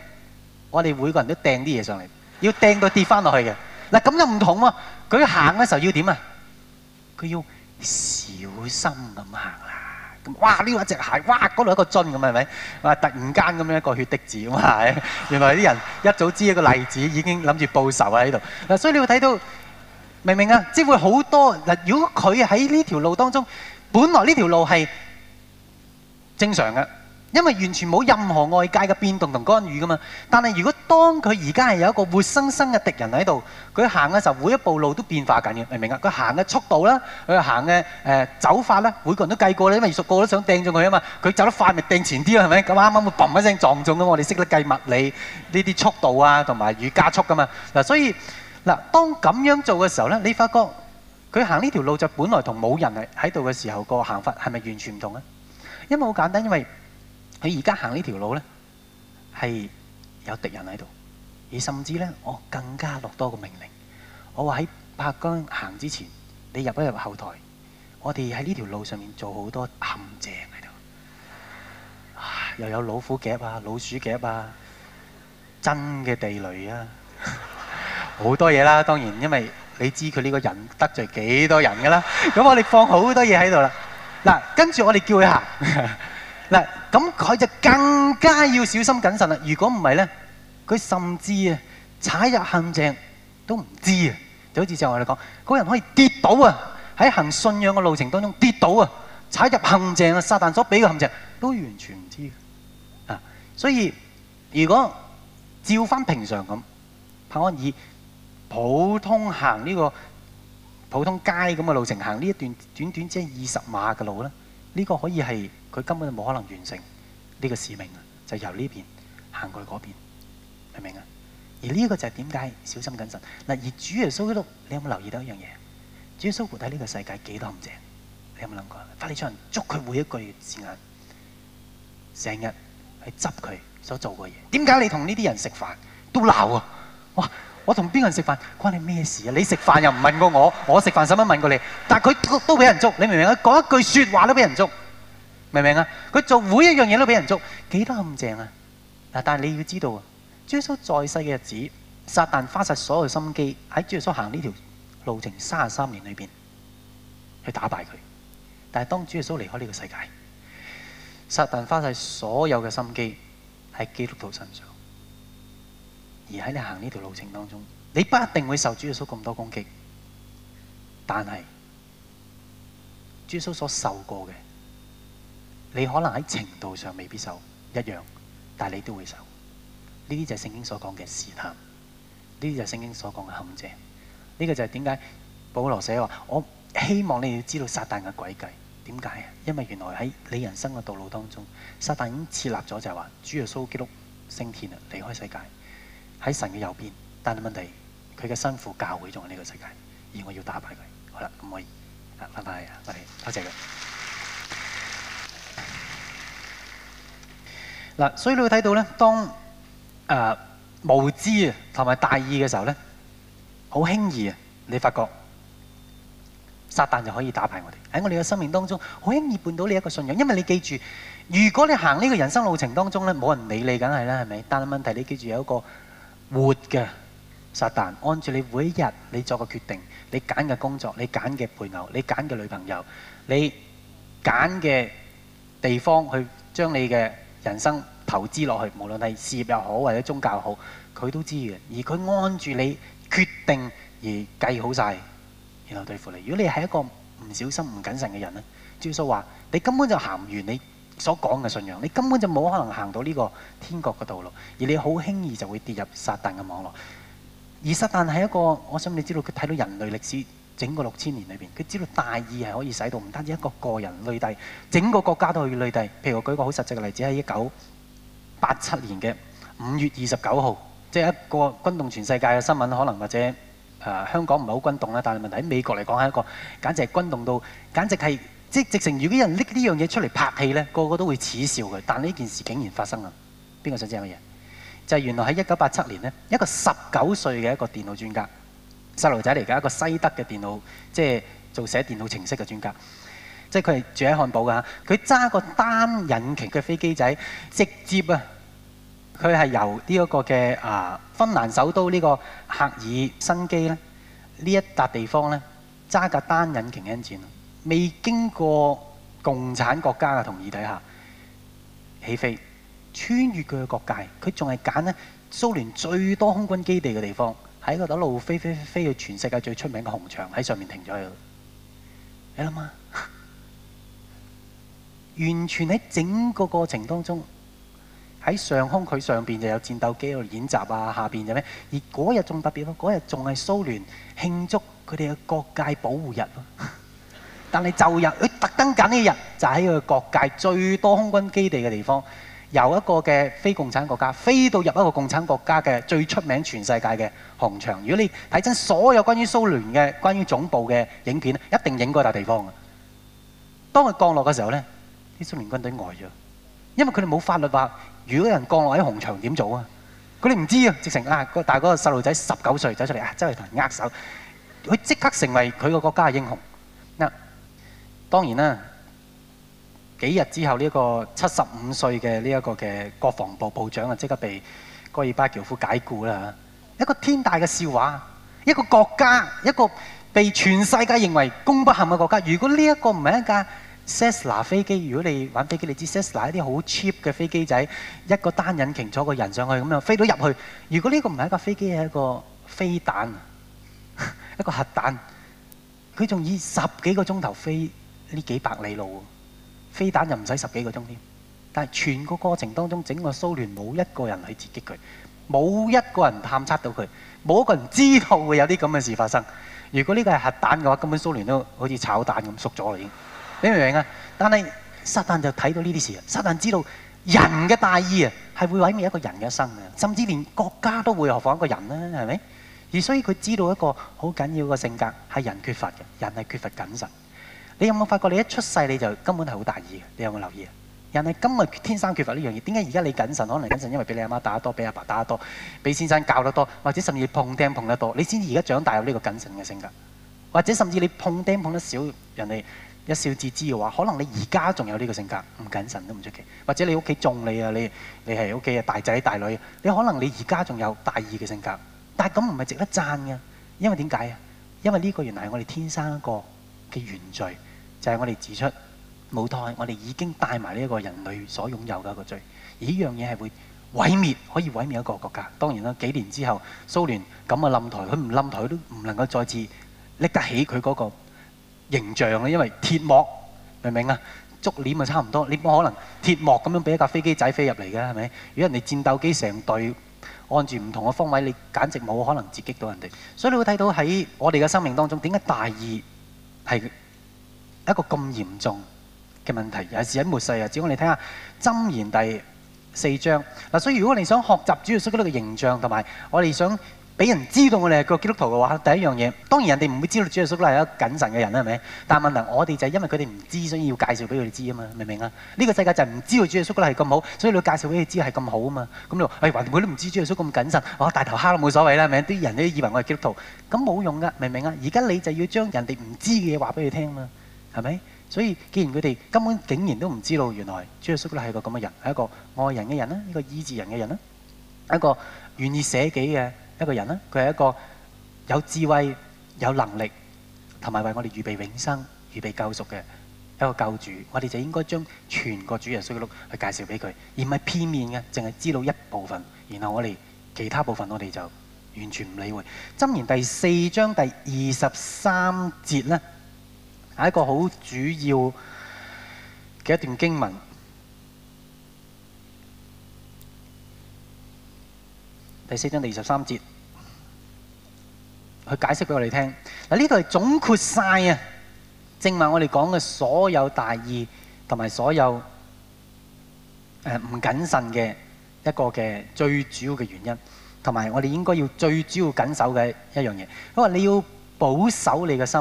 我哋每個人都掟啲嘢上嚟，要掟到跌翻落去嘅。嗱，咁又唔同喎。佢行嘅時候要點啊？佢要小心咁行。哇！丟一隻鞋，哇！嗰度一個樽咁，係咪？哇！突然間咁樣一個血滴子，哇！原來啲人一早知一個例子，已經諗住報仇喺呢度。嗱，所以你會睇到，明唔明啊？即係會好多嗱。如果佢喺呢條路當中，本來呢條路係正常嘅。因為完全冇任何外界嘅變動同干預噶嘛，但係如果當佢而家係有一個活生生嘅敵人喺度，佢行嘅時候每一步路都變化緊嘅，明唔明啊？佢行嘅速度啦，佢行嘅誒走法啦，每個人都計過啦，因為熟個都想掟中佢啊嘛。佢走得快咪掟前啲咯，係咪？咁啱啱會砰一聲撞中咁，我哋識得計物理呢啲速度啊，同埋與加速噶嘛。嗱，所以嗱，當咁樣做嘅時候咧，你發覺佢行呢條路就本來同冇人係喺度嘅時候個行法係咪完全唔同啊？因為好簡單，因為佢而家行呢條路咧，係有敵人喺度，而甚至咧，我更加落多個命令。我話喺拍江行之前，你入一入後台，我哋喺呢條路上面做好多陷阱喺度，啊，又有老虎夾啊、老鼠夾啊、真嘅地雷啊，好 (laughs) 多嘢啦。當然，因為你知佢呢個人得罪幾多人噶啦，咁我哋放好多嘢喺度啦。嗱，跟住我哋叫佢行，嗱。 (laughs) 咁佢就更加要小心謹慎啦。如果唔係咧，佢甚至啊踩入陷阱都唔知啊。就好似就我哋講，個人可以跌倒啊，喺行信仰嘅路程當中跌倒啊，踩入陷阱啊，撒旦所俾嘅陷阱都完全唔知啊。所以如果照翻平常咁，平安以普通行呢、這個普通街咁嘅路程行呢一段短短即係二十碼嘅路咧，呢、這個可以係。佢根本就冇可能完成呢個使命，就由呢邊行過去嗰邊，明唔明啊？而呢個就係點解小心謹慎嗱。而主耶穌基督，你有冇留意到一樣嘢？主耶穌活喺呢個世界幾多陷阱，你有冇諗過？法利賽人捉佢每一句字眼，成日去執佢所做過嘅嘢。點解你同呢啲人食飯都鬧啊？哇！我同邊個人食飯關你咩事啊？你食飯又唔問過我，我食飯使乜問過你？但係佢都俾人捉，你明唔明啊？佢講一句説話都俾人捉。明唔明啊？佢做每一樣嘢都俾人捉，幾得咁正啊！嗱，但係你要知道，啊，耶穌在世嘅日子，撒旦花晒所有嘅心機喺耶穌行呢條路程三十三年裏邊去打敗佢。但係當耶穌離開呢個世界，撒旦花晒所有嘅心機喺基督徒身上。而喺你行呢條路程當中，你不一定會受耶穌咁多攻擊，但係耶穌所受過嘅。你可能喺程度上未必受一樣，但係你都會受。呢啲就係聖經所講嘅試探，呢啲就係聖經所講嘅陷阱。呢個就係點解，保羅寫話：我希望你要知道撒旦嘅詭計。點解啊？因為原來喺你人生嘅道路當中，撒旦已經設立咗就係話：主耶穌基督升天啦，離開世界，喺神嘅右邊。但係問題，佢嘅身父教會仲喺呢個世界，而我要打敗佢。好啦，咁可以。啊，拜拜，拜，拜多謝佢。嗱，所以你會睇到咧，當誒無知啊同埋大意嘅時候咧，好輕易啊，你發覺撒但就可以打敗我哋喺我哋嘅生命當中，好輕易伴到你一個信仰，因為你記住，如果你行呢個人生路程當中咧，冇人理你梗係啦，係咪？但係問題你記住有一個活嘅撒但，按住你每一日你做嘅決定，你揀嘅工作，你揀嘅配偶，你揀嘅女朋友，你揀嘅地方去將你嘅。人生投資落去，無論係事業又好或者宗教又好，佢都知嘅。而佢按住你決定而計好晒。然後對付你。如果你係一個唔小心唔謹慎嘅人呢，耶穌話：你根本就行唔完你所講嘅信仰，你根本就冇可能行到呢個天國嘅道路。而你好輕易就會跌入撒旦嘅網絡。而撒旦係一個，我想你知道佢睇到人類歷史。整個六千年裏邊，佢知道大意係可以使到，唔單止一個個人累墊，整個國家都可以累墊。譬如我舉個好實際嘅例子，喺一九八七年嘅五月二十九號，即係一個轟動全世界嘅新聞，可能或者誒香港唔係好轟動啦，但係問題喺美國嚟講係一個簡直係轟動到，簡直係即直情，如果有人拎呢樣嘢出嚟拍戲呢，個個都會恥笑佢。但呢件事竟然發生啊！邊個想知係乜嘢？就係原來喺一九八七年呢，一個十九歲嘅一個電腦專家。細路仔嚟噶，一個西德嘅電腦，即係做寫電腦程式嘅專家。即係佢係住喺漢堡噶嚇，佢揸個單引擎嘅飛機仔，直接啊，佢係由呢一個嘅啊芬蘭首都呢個赫爾辛基咧，呢一笪地方咧揸架單引擎嘅飛機，未經過共產國家嘅同意底下起飛，穿越佢嘅國界，佢仲係揀呢蘇聯最多空軍基地嘅地方。喺度一路飛飛飛飛,飛去全世界最出名嘅紅牆，喺上面停咗喺度。你諗啊？完全喺整個過程當中，喺上空佢上邊就有戰鬥機喺度演習啊，下邊就咩？而嗰日仲特別咯，嗰日仲係蘇聯慶祝佢哋嘅國界保護日咯。但係就日佢、哎、特登揀呢日，就喺佢國界最多空軍基地嘅地方。由一個嘅非共產國家飛到入一個共產國家嘅最出名全世界嘅紅場，如果你睇真所有關於蘇聯嘅、關於總部嘅影片咧，一定影嗰笪地方嘅。當佢降落嘅時候咧，啲蘇聯軍隊呆咗，因為佢哋冇法律話，如果有人降落喺紅場點做啊？佢哋唔知啊，直情啊！但係嗰個細路仔十九歲走出嚟啊，周圍同人握手，佢即刻成為佢個國家嘅英雄。嗱，當然啦。幾日之後，呢一個七十五歲嘅呢一個嘅國防部部長啊，即刻被戈爾巴喬夫解雇啦。一個天大嘅笑話，一個國家，一個被全世界認為攻不陷嘅國家。如果呢一個唔係一架塞斯拿飛機，如果你玩飛機，你知塞斯拿啲好 cheap 嘅飛機仔，一個單引擎坐個人上去咁樣飛到入去。如果呢個唔係一架飛機，係一個飛彈，一個核彈，佢仲以十幾個鐘頭飛呢幾百里路。飛彈就唔使十幾個鐘添，但係全個過程當中，整個蘇聯冇一個人去截擊佢，冇一個人探測到佢，冇一個人知道會有啲咁嘅事發生。如果呢個係核彈嘅話，根本蘇聯都好似炒蛋咁熟咗啦，已經。你明唔明啊？但係撒旦就睇到呢啲事啊，撒旦知道人嘅大意啊，係會毀滅一個人嘅一生嘅，甚至連國家都會何況一個人咧，係咪？而所以佢知道一個好緊要嘅性格係人缺乏嘅，人係缺乏謹慎。你有冇發覺？你一出世你就根本係好大意嘅。你有冇留意啊？人哋今日天生缺乏呢樣嘢，點解而家你謹慎？可能謹慎，因為俾你阿媽打得多，俾阿爸打得多，俾先生教得多，或者甚至碰釘碰，碰，碰得多，你先至而家長大有呢個謹慎嘅性格。或者甚至你碰釘碰，碰，碰得少，人哋一笑置之嘅話，可能你而家仲有呢個性格，唔謹慎都唔出奇。或者你屋企重你啊，你你係屋企嘅大仔大女，你可能你而家仲有大意嘅性格，但係咁唔係值得讚㗎，因為點解啊？因為呢個原嚟係我哋天生一個嘅原罪。就係我哋指出，舞台我哋已經帶埋呢一個人類所擁有嘅一個罪，而呢樣嘢係會毀滅，可以毀滅一個國家。當然啦，幾年之後蘇聯咁啊冧台，佢唔冧台佢都唔能夠再次拎得起佢嗰個形象啦。因為鐵幕，明唔明啊？竹簾啊，差唔多。你冇可能鐵幕咁樣俾一架飛機仔飛入嚟嘅，係咪？如果人哋戰鬥機成隊按住唔同嘅方位，你簡直冇可能截擊到人哋。所以你會睇到喺我哋嘅生命當中，點解大意係一個咁嚴重嘅問題，尤其係喺末世啊！只要我哋睇下《箴言》第四章嗱，所以如果你想學習主耶穌基督嘅形象，同埋我哋想俾人知道我哋係個基督徒嘅話，第一樣嘢，當然人哋唔會知道主耶穌基督係一個謹慎嘅人啦，係咪？但問題我哋就係因為佢哋唔知，所以要介紹俾佢哋知啊嘛，明唔明啊？呢個世界就係唔知道主耶穌基督係咁好，所以你要介紹俾佢知係咁好啊嘛。咁你話誒，還佢都唔知主耶穌咁謹慎，我大頭蝦都冇所謂啦，係咪？啲人都以為我係基督徒，咁冇用㗎，明唔明啊？而家你就要將人哋唔知嘅嘢話俾佢聽啊嘛。係咪？所以，既然佢哋根本竟然都唔知道，原來主耶穌咧係個咁嘅人，係一個愛人嘅人啦，一個醫治人嘅人啦，一個願意捨己嘅一個人啦，佢係一個有智慧、有能力，同埋為我哋預備永生、預備救贖嘅一個救主。我哋就應該將全個主耶穌基督去介紹俾佢，而唔係片面嘅，淨係知道一部分，然後我哋其他部分我哋就完全唔理會。箴言第四章第二十三節呢。係一個好主要嘅一段經文，第四章第二十三節，去解釋俾我哋聽。嗱，呢度係總括晒啊，正話我哋講嘅所有大意同埋所有誒唔謹慎嘅一個嘅最主要嘅原因，同埋我哋應該要最主要謹守嘅一樣嘢。因為你要保守你嘅心，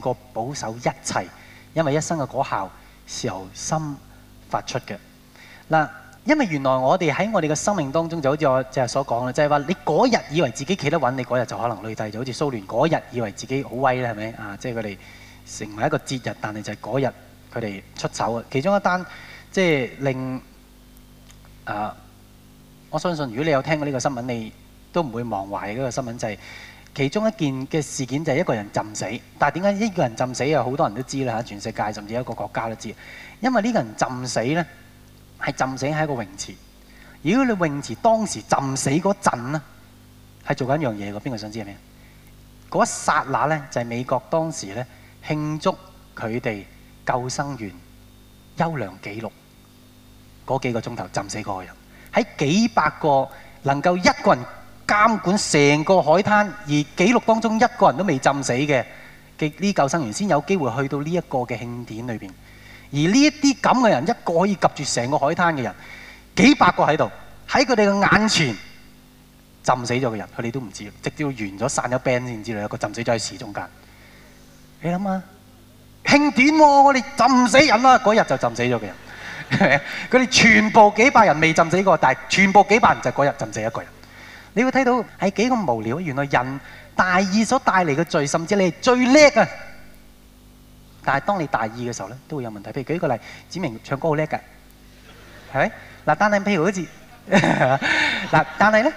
勝過保守一切，因為一生嘅果效是由心發出嘅。嗱，因為原來我哋喺我哋嘅生命當中，就好似我即係所講啦，即係話你嗰日以為自己企得穩，你嗰日就可能累墊，就好似蘇聯嗰日以為自己好威咧，係咪啊？即係佢哋成為一個節日，但係就係嗰日佢哋出手啊。其中一單，即係令啊，呃，我相信如果你有聽過呢個新聞，你都唔會忘懷嘅一個新聞就係。其中一件嘅事件就係一個人浸死，但係點解一個人浸死啊？好多人都知啦嚇，全世界甚至一個國家都知，因為呢個人浸死呢，係浸死喺個泳池。如果你泳池當時浸死嗰陣咧，係做緊一樣嘢嘅，邊個想知係咩？嗰一剎那呢，就係美國當時呢慶祝佢哋救生員優良記錄嗰幾個鐘頭浸死嗰個人，喺幾百個能夠一個人。監管成個海灘，而記錄當中一個人都未浸死嘅，嘅呢救生員先有機會去到呢一個嘅慶典裏邊。而呢一啲咁嘅人，一個可以及住成個海灘嘅人，幾百個喺度，喺佢哋嘅眼前浸死咗嘅人，佢哋都唔知，直接完咗散咗 band 先知。個浸死咗喺市中間。你諗下？慶典喎，我哋浸死人啦！嗰日就浸死咗嘅人，佢哋全部幾百人未浸死過，但係全部幾百人就嗰日浸死一個人。你會睇到係幾咁無聊？原來人大意所帶嚟嘅罪，甚至你係最叻啊！但係當你大意嘅時候咧，都會有問題。譬如舉個例，子明唱歌好叻㗎，係咪？嗱，但係譬如好似嗱，但係咧，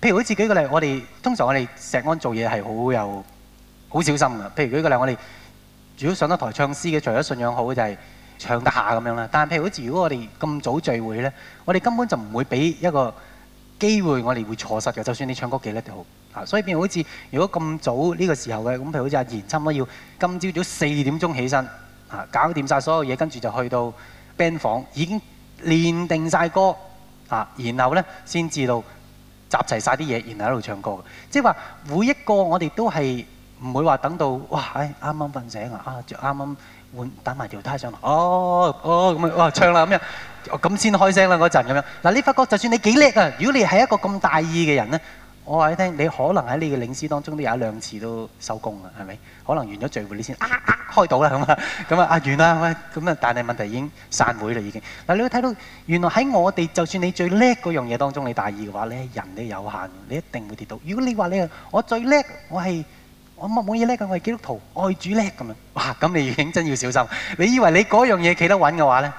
譬如好似舉個例，我哋通常我哋石安做嘢係好有好小心㗎。譬如舉個例，我哋如果上咗台唱詩嘅，除咗信仰好就係唱得下咁樣啦。但係譬如好似如果我哋咁早聚會咧，我哋根本就唔會俾一個。機會我哋會錯失嘅，就算你唱歌幾叻都好，啊，所以變好似如果咁早呢個時候嘅，咁譬如好似阿賢，差唔多要今朝早四點鐘起身，啊，搞掂曬所有嘢，跟住就去到 band 房，已經練定曬歌，啊，然後呢先至到集齊曬啲嘢，然後喺度唱歌，即係話每一個我哋都係唔會話等到，哇！唉，啱啱瞓醒啊，啊，著啱啱。換打埋條呔上嚟，哦哦咁啊哇唱啦咁樣，咁先開聲啦嗰陣咁樣。嗱你發覺就算你幾叻啊，如果你係一個咁大意嘅人咧，我話你聽，你可能喺你嘅領事當中都有一兩次都收工啦，係咪？可能完咗聚會你先啊啊開到啦咁啊，咁啊阿遠啦，咁啊，但係問題已經散會啦已經。嗱你會睇到原來喺我哋，就算你最叻嗰樣嘢當中，你大意嘅話咧，你人都有限，你一定會跌到。如果你話你我最叻，我係。我冇嘢叻㗎，我係基督徒，愛主叻咁樣。哇！咁你認真要小心。你以為你嗰樣嘢企得穩嘅話咧，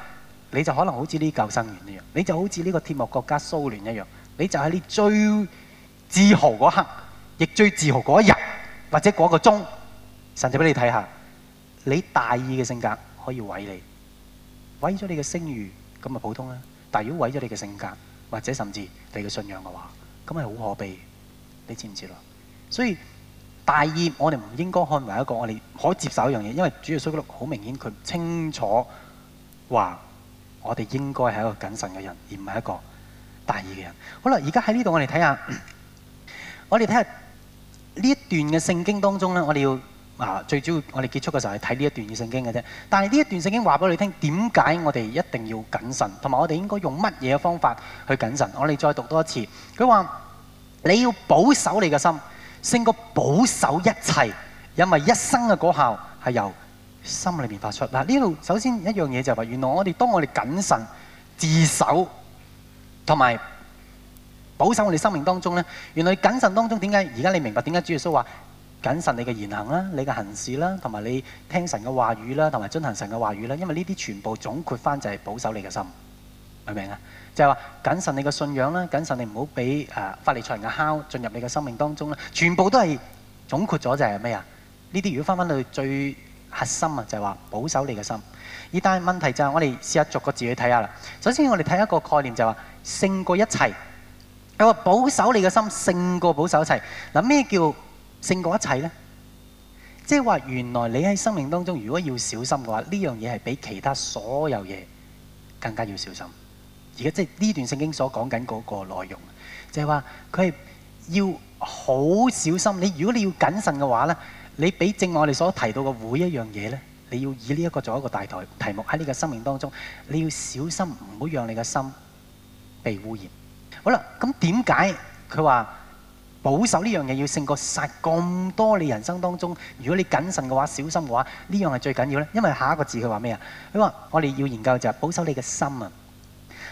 你就可能好似啲救生員一樣，你就好似呢個鐵幕國家蘇聯一樣。你就喺你最自豪嗰刻，亦最自豪嗰一日，或者嗰個鐘，甚至俾你睇下，你大意嘅性格可以毀你，毀咗你嘅聲譽咁咪普通啦。但係如果毀咗你嘅性格，或者甚至你嘅信仰嘅話，咁係好可悲。你知唔知啦？所以。大意，我哋唔應該看為一個我哋可以接受一樣嘢，因為主要收入好明顯，佢清楚話我哋應該係一個謹慎嘅人，而唔係一個大意嘅人。好啦，而家喺呢度，我哋睇下，我哋睇下呢一段嘅聖經當中呢，我哋要啊，最主要，我哋結束嘅時候係睇呢一段嘅聖經嘅啫。但係呢一段聖經話俾我哋聽，點解我哋一定要謹慎，同埋我哋應該用乜嘢方法去謹慎？我哋再讀多一次，佢話你要保守你嘅心。勝過保守一切，因為一生嘅果效係由心裏邊發出。嗱，呢度首先一樣嘢就係話，原來我哋當我哋謹慎自守，同埋保守我哋生命當中咧，原來謹慎當中點解？而家你明白點解主耶穌話謹慎你嘅言行啦，你嘅行事啦，同埋你聽神嘅話語啦，同埋遵行神嘅話語啦。因為呢啲全部總括翻就係保守你嘅心。明唔明啊？就係話謹慎你嘅信仰啦，謹慎你唔好俾誒法利賽人嘅酵進入你嘅生命當中啦。全部都係總括咗，就係咩啊？呢啲如果翻翻到最核心啊，就係話保守你嘅心。而但係問題就係，我哋試下逐個字去睇下啦。首先我哋睇一個概念，就係話勝過一切。佢話保守你嘅心勝過保守一切。嗱，咩叫勝過一切呢？即係話原來你喺生命當中如果要小心嘅話，呢樣嘢係比其他所有嘢更加要小心。而家即係呢段聖經所講緊嗰個內容，就係話佢係要好小心。你如果你要謹慎嘅話呢，你俾正我哋所提到嘅每一樣嘢呢，你要以呢一個做一個大台題目喺你嘅生命當中，你要小心唔好讓你嘅心被污染好了。好啦，咁點解佢話保守呢樣嘢要勝過曬咁多你人生當中？如果你謹慎嘅話、小心嘅話，這件事的呢樣係最緊要呢。因為下一個字佢話咩啊？佢話我哋要研究就係保守你嘅心啊！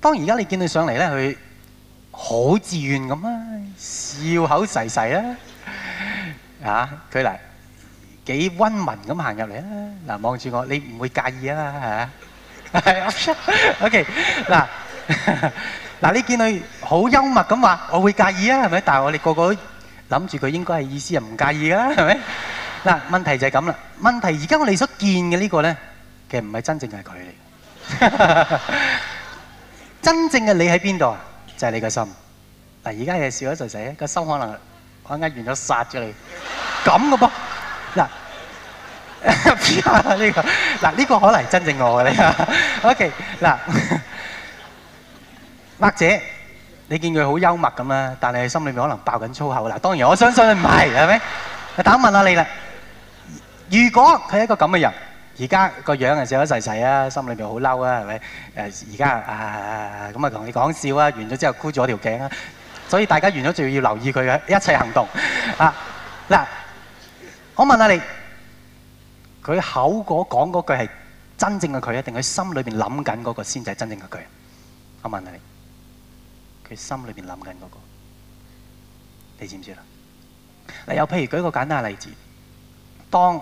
當而家你見佢上嚟咧，佢好自願咁啊，笑口噬噬啊，啊佢嚟幾温文咁行入嚟啊，嗱望住我，你唔會介意啊嘛，係嘛？係，OK 嗱嗱，你見佢好幽默咁話，我會介意啊，係咪？但係我哋個個諗住佢應該係意思係唔介意啦，係咪？嗱問題就係咁啦，問題而家我哋所見嘅呢個咧，其實唔係真正係佢嚟。真正嘅你喺邊度啊？就係你嘅心。嗱，而家你係笑一陣陣，個心可能我啱啱完咗殺咗你，咁嘅噃。嗱，呢個嗱呢個可能係真正我嘅你。OK，嗱，或者，你見佢好幽默咁啦，但係心裏面可能爆緊粗口。嗱，當然我相信唔係，係咪？我膽問下你啦。如果佢係一個咁嘅人。而家個樣又笑得細細啊，心裏邊好嬲啊，係咪？誒，而家啊咁啊同你講笑啊，完咗之後箍住我條頸啊，所以大家完咗就要留意佢嘅一切行動啊！嗱，我問下你，佢口嗰講嗰句係真正嘅佢，定佢心裏邊諗緊嗰個先至係真正嘅佢？我問下你，佢心裏邊諗緊嗰個，你知唔知啦？嗱，又譬如舉個簡單嘅例子，當。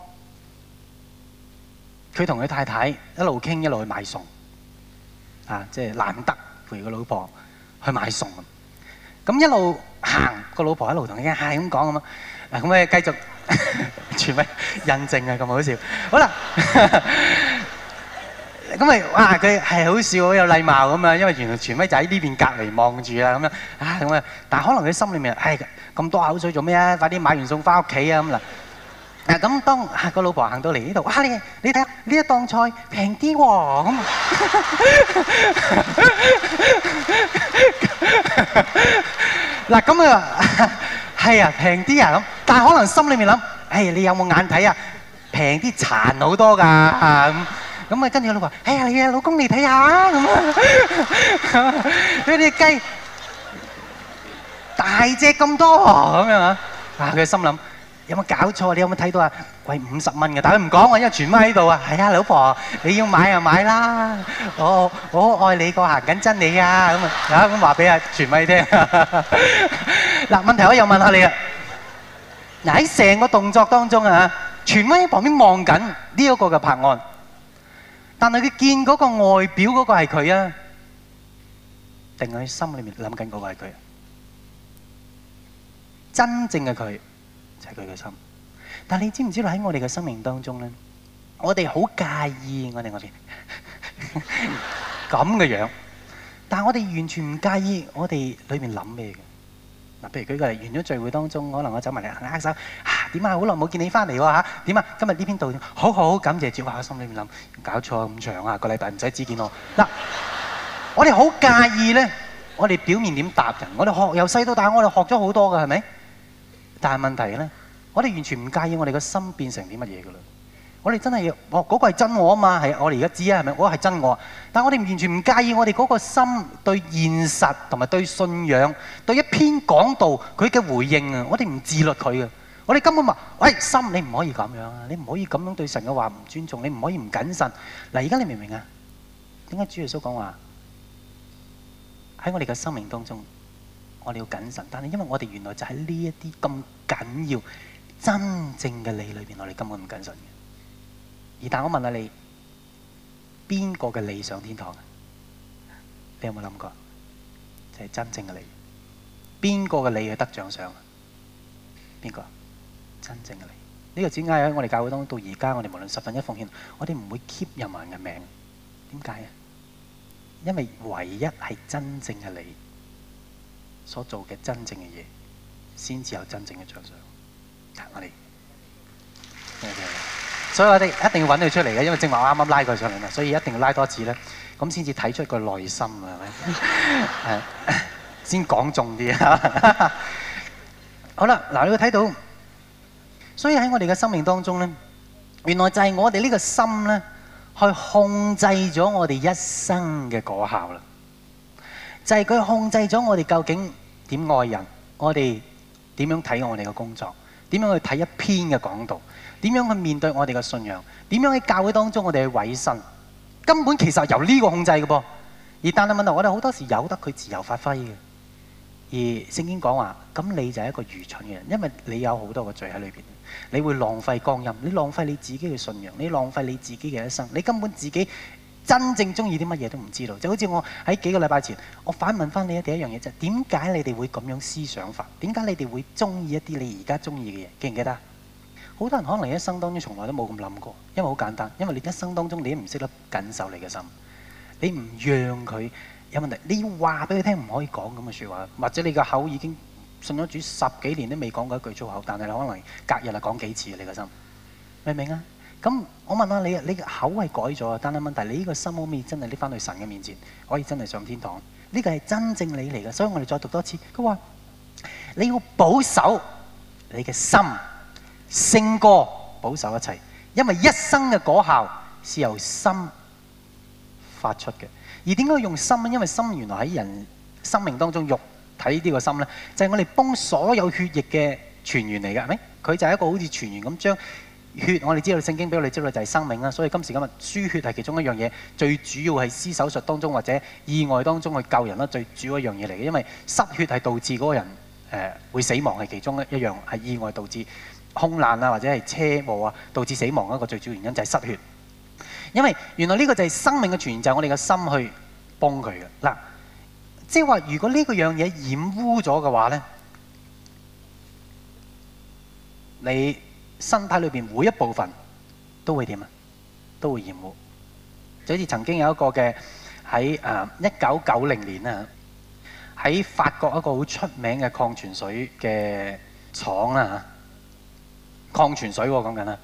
佢同佢太太一路傾，一路去買餸，啊，即係難得陪個老婆去買餸咁，咁一路行，個老婆一路同佢係咁講咁啊，咁啊繼續傳威印證啊，咁好笑，好啦，咁咪哇，佢係好笑，好有禮貌咁啊，因為原來傳威就喺呢邊隔離望住啊，咁樣啊，咁啊，但可能佢心裏面唉咁多口水做咩啊？快啲買完餸翻屋企啊！咁嗱。嗱，咁當個老婆行到嚟呢度。啊你你睇下呢一檔菜平啲喎。嗱，咁啊係啊，平啲啊咁。但係可能心裏面諗，哎呀你有冇眼睇啊？平啲殘好多㗎咁。咁啊跟住個老婆，哎呀你啊老公你睇下啊咁，呢啲雞大隻咁多咁樣啊。啊佢心諗。有冇搞錯？你有冇睇到啊？貴五十蚊嘅，但佢唔講喎，因為全威喺度啊。係啊，老婆，你要買就買啦。我我愛你個嚇，緊親你啊咁啊，咁話俾啊全威聽。嗱，問題我又問下你啊。嗱，喺成個動作當中啊，全威喺旁邊望緊呢一個嘅拍案，但係佢見嗰個外表嗰個係佢啊，定係佢心裏面諗緊嗰個係佢？真正嘅佢。佢嘅心，但係你知唔知道喺我哋嘅生命當中咧，我哋好介意我哋我哋邊咁嘅樣，但係我哋完全唔介意我哋裏面諗咩嘅。嗱，譬如舉個例，完咗聚會當中，可能我走埋嚟握手，點啊，好耐冇見你翻嚟喎嚇，點啊，今日呢篇道，好好感謝主。我心裏面諗，搞錯咁長啊，個禮拜唔使指見我。嗱，我哋好介意咧，我哋表面點答人？我哋學由細到大，我哋學咗好多㗎，係咪？但係問題咧。我哋完全唔介意我哋個心變成啲乜嘢噶啦！我哋真係，哦嗰個係真我啊嘛，係，我哋而家知啊，係咪？我係真我，但係我哋完全唔介意我哋嗰個心對現實同埋對信仰對一篇講道佢嘅回應啊！我哋唔自律佢啊！我哋根本話：喂，心你唔可以咁樣啊！你唔可以咁樣對神嘅話唔尊重，你唔可以唔謹慎。嗱，而家你明唔明啊？點解主耶穌講話喺我哋嘅生命當中，我哋要謹慎？但係因為我哋原來就喺呢一啲咁緊要。真正嘅你裏邊，我哋根本唔謹慎嘅。而但我問下你，邊個嘅你上天堂？你有冇諗過？就係、是、真正嘅你。邊個嘅你係得獎賞？邊個？真正嘅你。呢、這個點解喺我哋教會當中到而家，我哋無論十分一奉獻，我哋唔會 keep 任何人嘅名。點解啊？因為唯一係真正嘅你所做嘅真正嘅嘢，先至有真正嘅獎賞。我哋，所以我哋一定要揾佢出嚟嘅，因為正話我啱啱拉佢上嚟啦，所以一定要拉多次咧，咁先至睇出佢內心啊，係咪？係先講重啲啊。好啦，嗱，你會睇到，所以喺我哋嘅生命當中咧，原來就係我哋呢個心咧，去控制咗我哋一生嘅果效啦。就係佢控制咗我哋究竟點愛人，我哋點樣睇我哋嘅工作。點樣去睇一篇嘅講道？點樣去面對我哋嘅信仰？點樣喺教會當中我哋去委身？根本其實由呢個控制嘅噃。而但係問題，我哋好多時由得佢自由發揮嘅。而聖經講話，咁你就係一個愚蠢嘅人，因為你有好多個罪喺裏面。你會浪費光陰，你浪費你自己嘅信仰，你浪費你自己嘅一生。你根本自己。真正中意啲乜嘢都唔知道，就好似我喺幾個禮拜前，我反問翻你一第一樣嘢就係，點解你哋會咁樣思想法？點解你哋會中意一啲你而家中意嘅嘢？記唔記得？好多人可能一生當中從來都冇咁諗過，因為好簡單，因為你一生當中你都唔識得緊守你嘅心，你唔讓佢有問題，你要話俾佢聽唔可以講咁嘅説話，或者你個口已經信咗主十幾年都未講過一句粗口，但係你可能隔日嚟講幾次你個心明白，明唔明啊？咁我問下你，你嘅口係改咗啊，但係問題，你呢個心好未真係搦翻去神嘅面前，可以真係上天堂？呢、這個係真正你嚟嘅，所以我哋再讀多一次。佢話你要保守你嘅心，勝過保守一切，因為一生嘅果效是由心發出嘅。而點解要用心？因為心原來喺人生命當中，肉體呢個心咧，就係、是、我哋泵所有血液嘅傳源嚟嘅，係咪？佢就係一個好似傳源咁將。血我哋知道聖經俾我哋知道就係生命啦，所以今時今日輸血係其中一樣嘢，最主要係施手術當中或者意外當中去救人啦，最主要一樣嘢嚟嘅。因為失血係導致嗰個人誒、呃、會死亡係其中一樣係意外導致空難啊或者係車禍啊導致死亡一個最主要原因就係失血，因為原來呢個就係生命嘅泉源就係、是、我哋嘅心去幫佢嘅嗱，即係話如果呢個樣嘢染污咗嘅話咧，你。身體裏邊每一部分都會點啊？都會染污。就好似曾經有一個嘅喺誒一九九零年咧，喺法國一個好出名嘅礦泉水嘅廠啦嚇。礦泉水喎，講緊啦，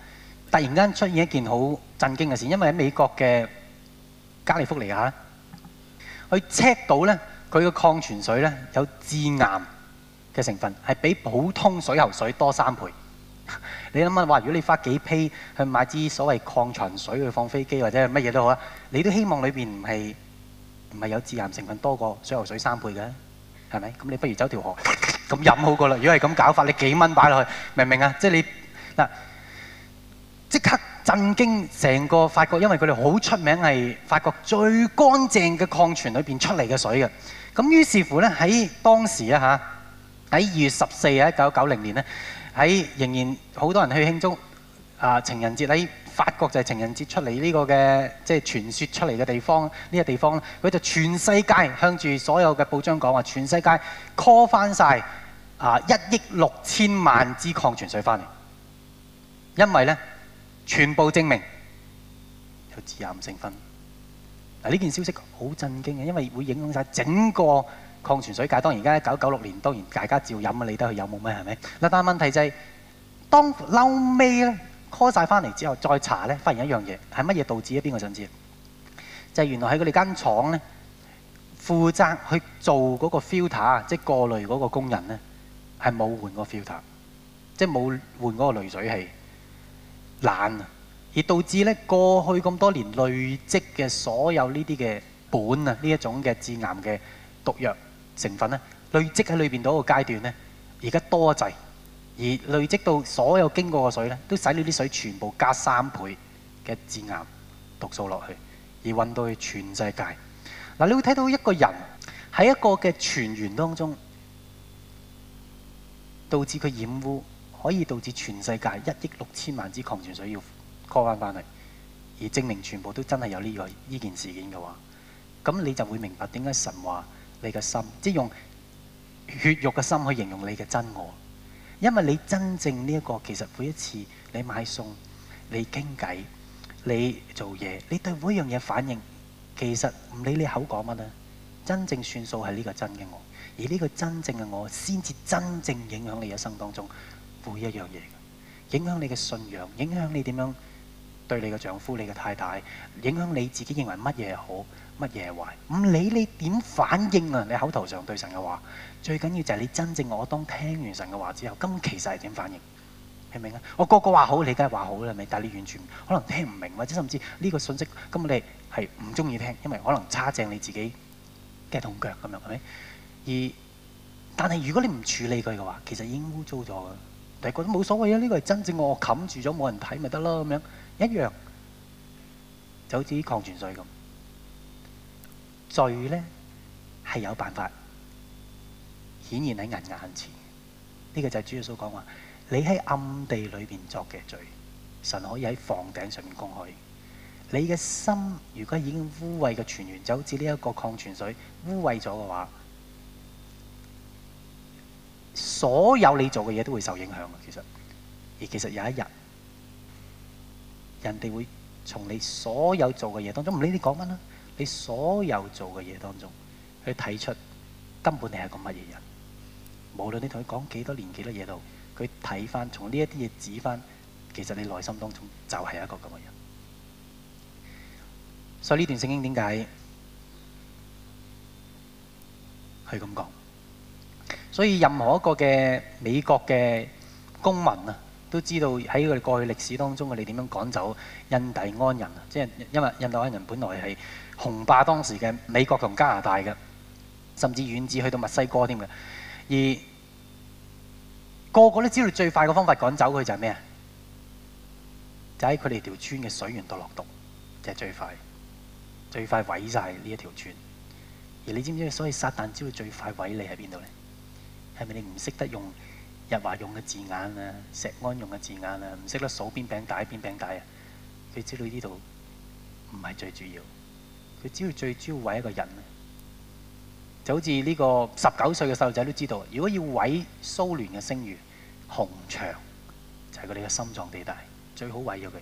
突然間出現一件好震驚嘅事，因為喺美國嘅加利福尼亞，佢 check 到咧，佢嘅礦泉水咧有致癌嘅成分，係比普通水喉水多三倍。你諗下，話，如果你花幾批去買支所謂礦泉水去放飛機，或者乜嘢都好啊，你都希望裏邊唔係唔係有致癌成分多過水喉水三倍嘅，係咪？咁你不如走條河咁飲好過啦。 (laughs) 如果係咁搞法，你幾蚊擺落去，明唔明啊？即係你嗱，即刻震驚成個法國，因為佢哋好出名係法國最乾淨嘅礦泉裏邊出嚟嘅水嘅。咁於是乎呢，喺當時啊吓，喺二月十四啊，一九九零年呢。喺仍然好多人去慶祝啊、呃！情人節喺法國就係情人節出嚟呢，這個嘅即係傳説出嚟嘅地方，呢，這個地方佢就全世界向住所有嘅報章講話，全世界 call 翻晒啊一億六千萬支礦泉水翻嚟，因為咧全部證明有致癌成分。嗱呢件消息好震驚嘅，因為會影響晒整個。礦泉水界，當然而家一九九六年，當然大家照飲啊，理得佢有冇咩係咪？嗱，但係問題就係當嬲尾咧，開晒翻嚟之後再查咧，發現一樣嘢係乜嘢導致咧？邊個想知？就係原來喺佢哋間廠咧，負責去做嗰個 filter 啊，即係過濾嗰個工人咧，係冇換過 filter，即係冇換嗰個濾水器，懶啊！而導致咧過去咁多年累積嘅所有呢啲嘅本啊，呢一種嘅致癌嘅毒藥。成分咧累積喺裏邊到個階段咧，而家多咗，而累積到所有經過嘅水咧，都使呢啲水全部加三倍嘅致癌毒素落去，而運到去全世界。嗱、啊，你會睇到一個人喺一個嘅泉源當中，導致佢染污，可以導致全世界一億六千萬支礦泉水要 call 翻翻嚟，而證明全部都真係有呢、呢個呢件、呢個、事件嘅話，咁你就會明白點解神話。你嘅心，即用血肉嘅心去形容你嘅真我，因為你真正呢一個，其實每一次你買餸、你傾偈、你做嘢，你對每一樣嘢反應，其實唔理你口講乜咧，真正算數係呢個真嘅我，而呢個真正嘅我，先至真正影響你一生當中每一樣嘢，影響你嘅信仰，影響你點樣對你嘅丈夫、你嘅太太，影響你自己認為乜嘢好。乜嘢壞？唔理你點反應啊！你口頭上對神嘅話，最緊要就係你真正我當聽完神嘅話之後，咁其實係點反應？明唔明啊？我個個話好，你梗係話好啦，係咪？但你完全可能聽唔明，或者甚至呢個信息，咁你係唔中意聽，因為可能差正你自己嘅痛腳咁樣，係咪？而但係如果你唔處理佢嘅話，其實已經污糟咗但係覺得冇所謂啊！呢個係真正我冚住咗，冇人睇咪得咯？咁樣一樣就好似啲礦泉水咁。罪咧係有辦法顯現喺人眼前，呢、這個就係主耶穌講話：你喺暗地裏邊作嘅罪，神可以喺房頂上面公開。你嘅心如果已經污穢嘅泉源，就好似呢一個礦泉水污穢咗嘅話，所有你做嘅嘢都會受影響嘅。其實，而其實有一日，人哋會從你所有做嘅嘢當中，唔理你講乜啦。你所有做嘅嘢當中，去睇出根本你係個乜嘢人。無論你同佢講幾多年幾多嘢都，佢睇翻從呢一啲嘢指翻，其實你內心當中就係一個咁嘅人。所以呢段聖經點解係咁講？所以任何一個嘅美國嘅公民啊，都知道喺佢過去歷史當中，佢哋點樣趕走印第安人啊。即係因為印第安人本來係。雄霸當時嘅美國同加拿大嘅，甚至遠至去到墨西哥添嘅，而個個都知道最快嘅方法趕走佢就係咩啊？就喺佢哋條村嘅水源度落毒，就係、是、最快，最快毀晒呢一條村。而你知唔知？所以撒旦知道最快毀你喺邊度咧？係咪你唔識得用日華用嘅字眼啊、石安用嘅字眼啊？唔識得數邊餅帶邊餅帶啊？佢知道呢度唔係最主要。佢只要最主要毀一個人，就好似呢個十九歲嘅細路仔都知道，如果要毀蘇聯嘅聲譽，紅牆就係佢哋嘅心臟地帶，最好毀咗佢。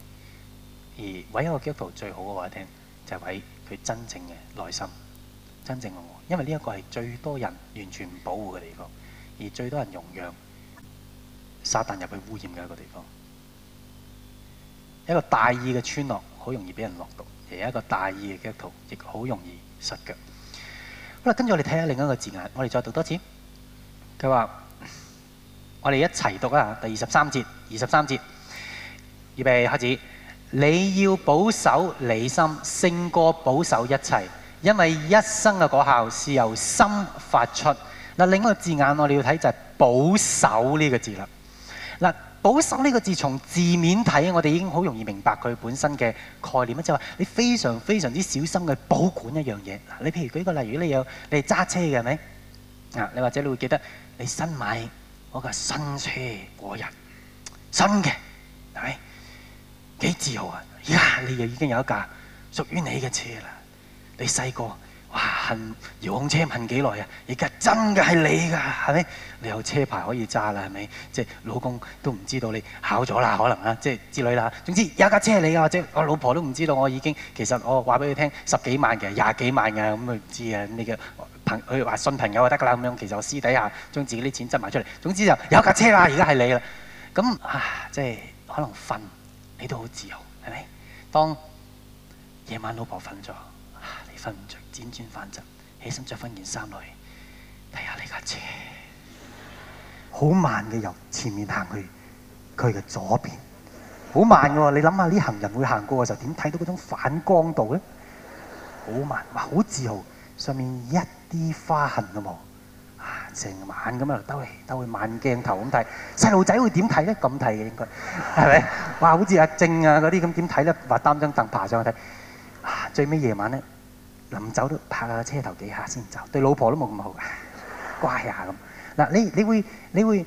而毀一個基督徒最好嘅話聽，就係毀佢真正嘅內心、真正嘅，我，因為呢一個係最多人完全唔保護嘅地方，而最多人容讓撒旦入去污染嘅一個地方。一個大意嘅村落，好容易俾人落毒。係一個大意嘅圖，亦好容易失腳。好啦，跟住我哋睇下另一個字眼，我哋再讀多次。佢話：我哋一齊讀啊！第二十三節，二十三節，預備開始。你要保守你心，勝過保守一切，因為一生嘅果效是由心發出。嗱，另一個字眼我哋要睇就係保守呢個字啦。嗱。保守呢個字從字面睇，我哋已經好容易明白佢本身嘅概念啦，就係話你非常非常之小心嘅保管一樣嘢。你譬如舉個例如你有你揸車嘅係咪？啊，你或者你會記得你新買嗰個新車嗰日，新嘅，係咪幾自豪呀！而家你又已經有一架屬於你嘅車啦，你細個。哇！恨遙控車恨幾耐啊！而家真嘅係你㗎，係咪？你有車牌可以揸啦，係咪？即係老公都唔知道你考咗啦，可能啦，即係之類啦。總之有架車係你啊，或者我老婆都唔知道我已經其實我話俾你聽十幾萬嘅，廿幾萬嘅咁啊，唔知啊，你嘅朋佢話信朋友就得㗎啦，咁樣其實我私底下將自己啲錢執埋出嚟。總之就有架車啦，而家係你啦。咁啊，即係可能瞓你都好自豪，係咪？當夜晚老婆瞓咗，你瞓唔著。輾轉反側，起身着翻件衫去。睇下呢架車，好慢嘅由前面行去佢嘅左邊，好慢嘅。喎，你諗下呢，行人會行過嘅時候，點睇到嗰種反光度咧？好慢，哇！好自豪，上面一啲花痕都冇，啊，成晚咁喺度兜嚟兜去，慢鏡頭咁睇。細路仔會點睇咧？咁睇嘅應該，係咪？ (laughs) 哇！好似阿正啊嗰啲咁，點睇咧？話擔張凳爬上去睇，啊，最尾夜晚咧。臨走都拍下車頭幾下先走，對老婆都冇咁好嘅，乖下咁。嗱，你你會你會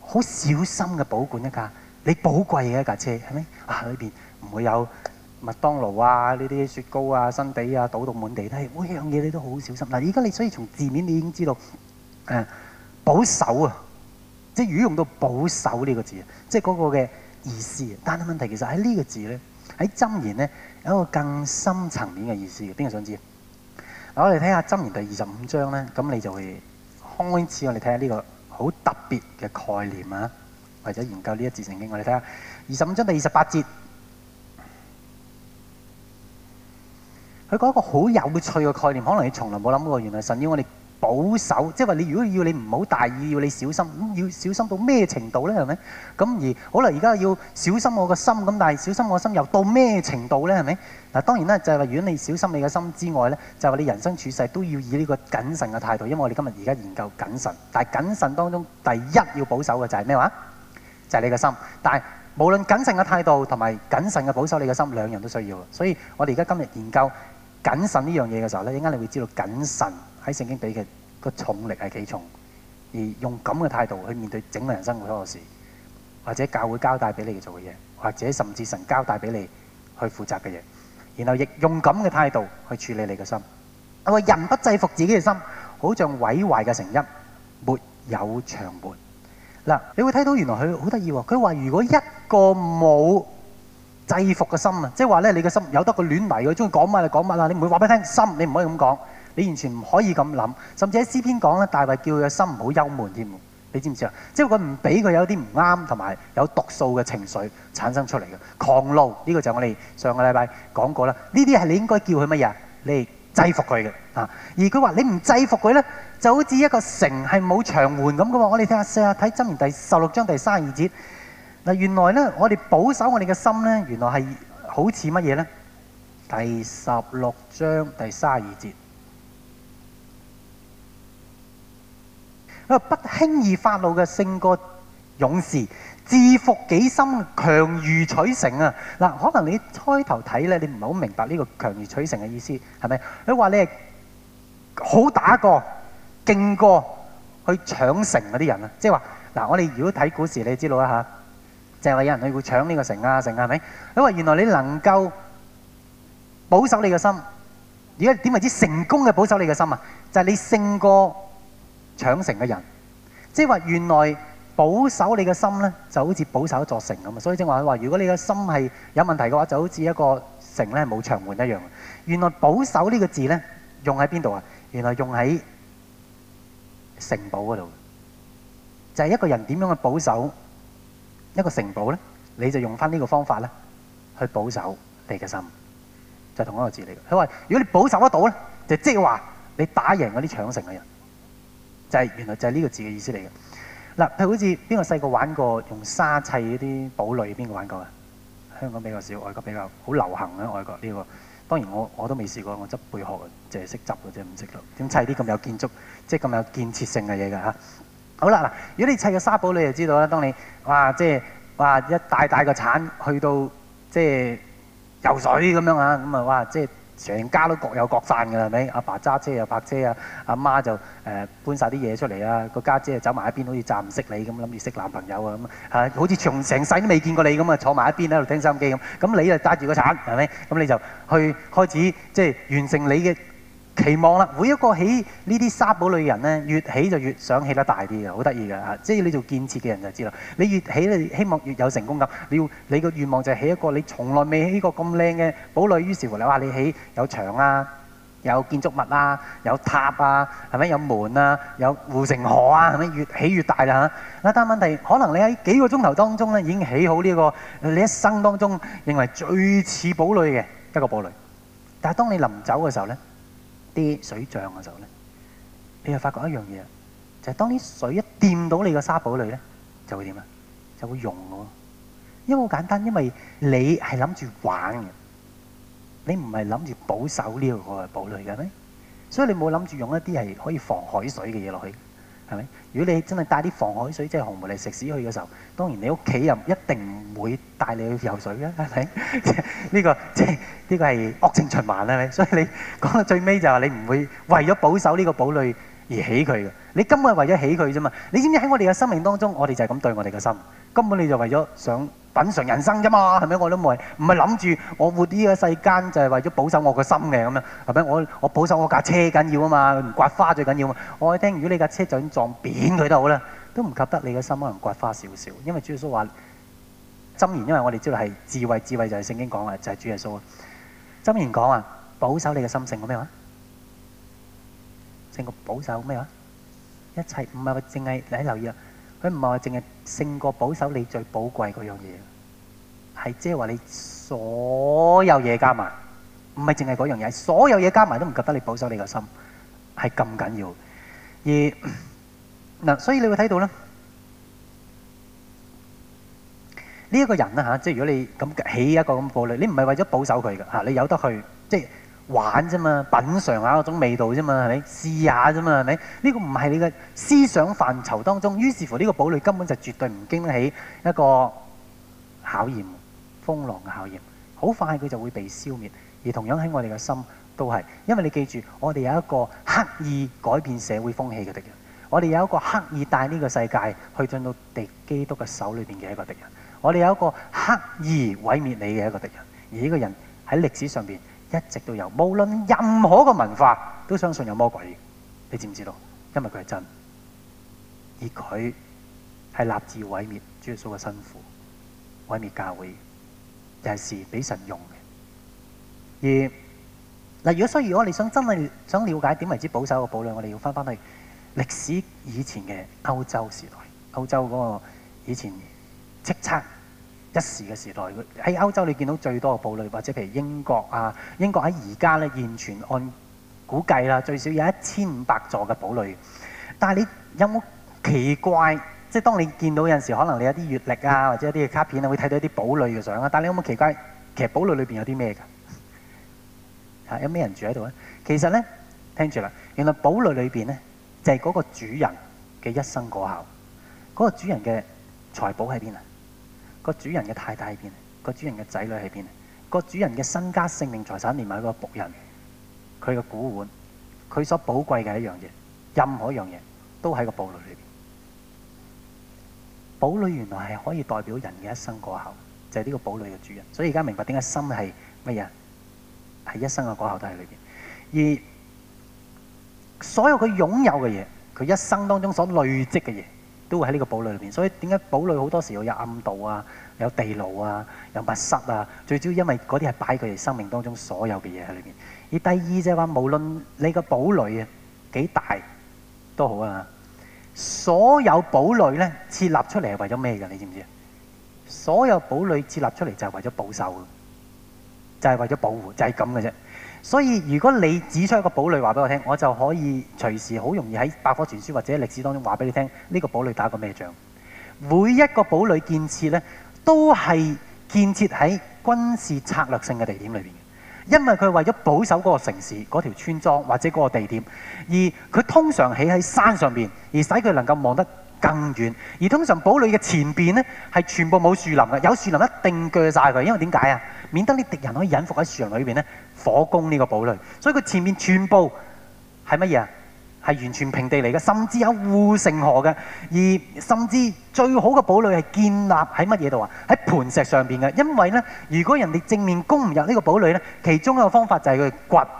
好小心嘅保管一架，你寶貴嘅一架車，係咪啊？裏邊唔會有麥當勞啊、呢啲雪糕啊、新地啊倒到滿地都係，是每樣嘢你都好小心。嗱，而家你所以從字面你已經知道，誒保守啊，即係語用到保守呢個字，即係嗰個嘅意思。但係問題其實喺呢個字咧，喺箴言咧有一個更深層面嘅意思嘅，邊個想知？我哋睇下箴言第二十五章呢，咁你就會開始。我哋睇下呢個好特別嘅概念啊，為咗研究呢一節聖經，我哋睇下二十五章第二十八節。佢講一個好有趣嘅概念，可能你從來冇諗過，原來神要我哋。保守，即係話你如果要你唔好大意，要你小心，咁要小心到咩程度咧？係咪？咁而好啦，而家要小心我個心，咁但係小心我心又到咩程度咧？係咪？嗱，當然咧就係話，如果你小心你嘅心之外咧，就係話你人生處世都要以呢個謹慎嘅態度，因為我哋今日而家研究謹慎。但係謹慎當中第一要保守嘅就係咩話？就係你嘅心。但係無論謹慎嘅態度同埋謹慎嘅保守你嘅心，兩樣都需要。所以我哋而家今日研究謹慎呢樣嘢嘅時候咧，依家你會知道謹慎。喺聖經俾嘅個重力係幾重？而用咁嘅態度去面對整個人生嘅所有事，或者教會交代俾你做嘅嘢，或者甚至神交代俾你去負責嘅嘢，然後亦用咁嘅態度去處理你嘅心。我話人不制服自己嘅心，好像毀壞嘅城邑，沒有牆垣。嗱，你會睇到原來佢好得意喎。佢話如果一個冇制服嘅心啊，即係話咧，你嘅心有得個亂嚟，佢中意講乜就講乜啦。你唔會話俾佢聽，心你唔可以咁講。你完全唔可以咁諗，甚至喺詩篇講咧，大衛叫佢嘅心唔好幽悶添。你知唔知啊？即係佢唔俾佢有啲唔啱同埋有毒素嘅情緒產生出嚟嘅。狂怒呢個就係我哋上個禮拜講過啦。呢啲係你應該叫佢乜嘢？你制服佢嘅啊。而佢話你唔制服佢咧，就好似一個城係冇牆垣咁嘅喎。我哋睇阿四啊，睇箴言第十六章第三十二節。嗱，原來咧，我哋保守我哋嘅心咧，原來係好似乜嘢咧？第十六章第三十二節。不輕易發怒嘅勝過勇士，治服己心，強如取城啊！嗱，可能你開頭睇咧，你唔係好明白呢個強如取城嘅意思，係咪？佢話你係好打過、勁過去搶城嘅人，去搶城嗰啲人啊？即係話嗱，我哋如果睇古時，你知道啊吓，就係有人去會搶呢個城啊，城係咪？佢話原來你能夠保守你嘅心，而家點為之成功嘅保守你嘅心啊？就係、是、你勝過。搶城嘅人，即係話，原來保守你嘅心咧，就好似保守作成一座城咁啊！所以正話佢話，如果你嘅心係有問題嘅話，就好似一個城咧，冇長門一樣。原來保守呢個字咧，用喺邊度啊？原來用喺城堡嗰度。就係、係、一個人點樣去保守一個城堡咧？你就用翻呢個方法咧，去保守你嘅心，就係、同一個字嚟。佢話如果你保守得到咧，就即係話你打贏嗰啲搶城嘅人。就係，是，原來就係呢個字嘅意思嚟嘅。嗱，佢好似邊個細個玩過用沙砌嗰啲堡壘？邊個玩過啊？香港比較少，外國比較好流行啊！外國呢個當然我我都未試過，我執貝殼，淨係識執嘅啫，唔識攞點砌啲咁有建築，即係咁有建設性嘅嘢㗎嚇。好啦嗱，如果你砌個沙堡壘，就知道啦。當你哇，即係哇一大大個鏟去到即係游水咁樣啊，咁啊哇即係～成家都各有各散㗎啦，係咪？阿爸揸車又泊車啊，阿媽就誒、呃、搬晒啲嘢出嚟啊，個家姐啊走埋一邊，好似暫唔識你咁，諗住識男朋友啊咁啊，好似從成世都未見過你咁啊，坐埋一邊喺度聽收音機咁，咁你就揸住個鏟，係咪？咁你就去開始即係、就是、完成你嘅。期望啦，每一個起呢啲沙堡壘嘅人咧，越起就越想起得大啲嘅，好得意嘅嚇。即係你做建設嘅人就知啦。你越起，你希望越有成功感。你要你個願望就係起一個你從來未起過咁靚嘅堡壘。於是乎你話你起有牆啊，有建築物啊，有塔啊，係咪有門啊，有護城河啊，係咪越起越大啦嚇？嗱，但係問題可能你喺幾個鐘頭當中咧，已經起好呢個你一生當中認為最似堡壘嘅一個堡壘。但係當你臨走嘅時候咧。啲水漲嘅時候咧，你又發覺一樣嘢，就係當啲水一掂到你個沙堡裏咧，就會點啊？就會溶喎，因為好簡單，因為你係諗住玩嘅，你唔係諗住保守呢個堡壘嘅咩？所以你冇諗住用一啲係可以防海水嘅嘢落去，係咪？如果你真係帶啲防海水即係紅梅嚟食屎去嘅時候，當然你屋企人一定唔會帶你去游水嘅，係咪？即係呢個即係呢個係惡性循環啦。所以你講到最尾就係你唔會為咗保守呢個堡壘而起佢嘅，你今日為咗起佢啫嘛。你知唔知喺我哋嘅生命當中，我哋就係咁對我哋嘅心。根本你就為咗想品嚐人生啫嘛，係咪？我都冇係，唔係諗住我活呢個世間就係為咗保守我個心嘅咁樣，係咪？我我保守我架車緊要啊嘛，唔刮花最緊要嘛。我聽，如果你架車就算撞扁佢都好啦，都唔及得你個心可能刮花少少。因為主耶穌話：箴言，因為我哋知道係智慧，智慧就係聖經講嘅，就係主耶穌啊。箴言講啊，保守你嘅心性咩話？成個保守咩話？一切唔係淨係你喺留意啊。佢唔係話淨係勝過保守你最寶貴嗰樣嘢，係即係話你所有嘢加埋，唔係淨係嗰樣嘢，所有嘢加埋都唔覺得你保守你個心係咁緊要。而嗱，所以你會睇到咧，呢一個人咧嚇，即係如果你咁起一個咁暴力，你唔係為咗保守佢㗎嚇，你有得去即係。玩啫嘛，品嘗下嗰種味道啫嘛，係咪？試下啫嘛，係咪？呢個唔係你嘅思想範疇當中，於是乎呢個堡壘根本就絕對唔經得起一個考驗，風浪嘅考驗，好快佢就會被消滅，而同樣喺我哋嘅心都係，因為你記住，我哋有一個刻意改變社會風氣嘅敵人，我哋有一個刻意帶呢個世界去進到敵基督嘅手裏邊嘅一個敵人，我哋有一個刻意毀滅你嘅一個敵人。而呢個人喺歷史上邊。一直都有，無論任何個文化都相信有魔鬼，你知唔知道？因為佢係真，而佢係立志毀滅主耶穌嘅辛苦，毀滅教會，有陣時俾神用嘅。而嗱，如果所以，如果你想真係想了解點為之保守嘅保養，我哋要返返去歷史以前嘅歐洲時代，歐洲嗰個以前嘅即一時嘅時代，喺歐洲你見到最多嘅堡壘，或者譬如英國啊，英國喺而家咧，現在呢，現存按估計啦，最少有一千五百座嘅堡壘。但係你有冇奇怪？即係當你見到有陣時，可能你有啲月曆啊，或者一啲嘅卡片啊，會睇到一啲堡壘嘅相啊。但係你有冇奇怪？其實堡壘裏邊有啲咩㗎？嚇、啊，有咩人住喺度咧？其實咧，聽住啦，原來堡壘裏邊咧，就係、是、嗰個主人嘅一生過後，嗰、那個主人嘅財寶喺邊啊？個主人嘅太太喺邊？個主人嘅仔女喺邊？個主人嘅身家、性命、財產，連埋個僕人，佢嘅古玩，佢所寶貴嘅一樣嘢，任何一樣嘢，都喺個堡壘裏邊。堡壘原來係可以代表人嘅一生過後，就係、是、呢個堡壘嘅主人。所以而家明白點解心係乜嘢？係一生嘅過後都喺裏邊，而所有佢擁有嘅嘢，佢一生當中所累積嘅嘢。都會喺呢個堡壘裏邊，所以點解堡壘好多時候有暗道啊、有地牢啊、有密室啊？最主要因為嗰啲係擺佢哋生命當中所有嘅嘢喺裏邊。而第二就係話，無論你個堡壘啊幾大都好啊，所有堡壘呢設立出嚟係為咗咩㗎？你知唔知？所有堡壘設立出嚟就係為咗保守，就係為咗保護，就係咁嘅啫。所以如果你指出一個堡壘話俾我聽，我就可以隨時好容易喺百科全書或者歷史當中話俾你聽，呢個堡壘打過咩仗？每一個堡壘建設咧，都係建設喺軍事策略性嘅地點裏面，因為佢為咗保守嗰個城市、嗰條村莊或者嗰個地點，而佢通常起喺山上面，而使佢能夠望得更遠。而通常堡壘嘅前邊咧，係全部冇樹林嘅，有樹林一定鋸晒佢，因為點解啊？免得啲敵人可以隱伏喺樹林裏邊咧。火攻呢個堡壘，所以佢前面全部係乜嘢啊？係完全平地嚟嘅，甚至有護城河嘅。而甚至最好嘅堡壘係建立喺乜嘢度啊？喺盤石上邊嘅，因為咧，如果人哋正面攻唔入呢個堡壘咧，其中一個方法就係佢掘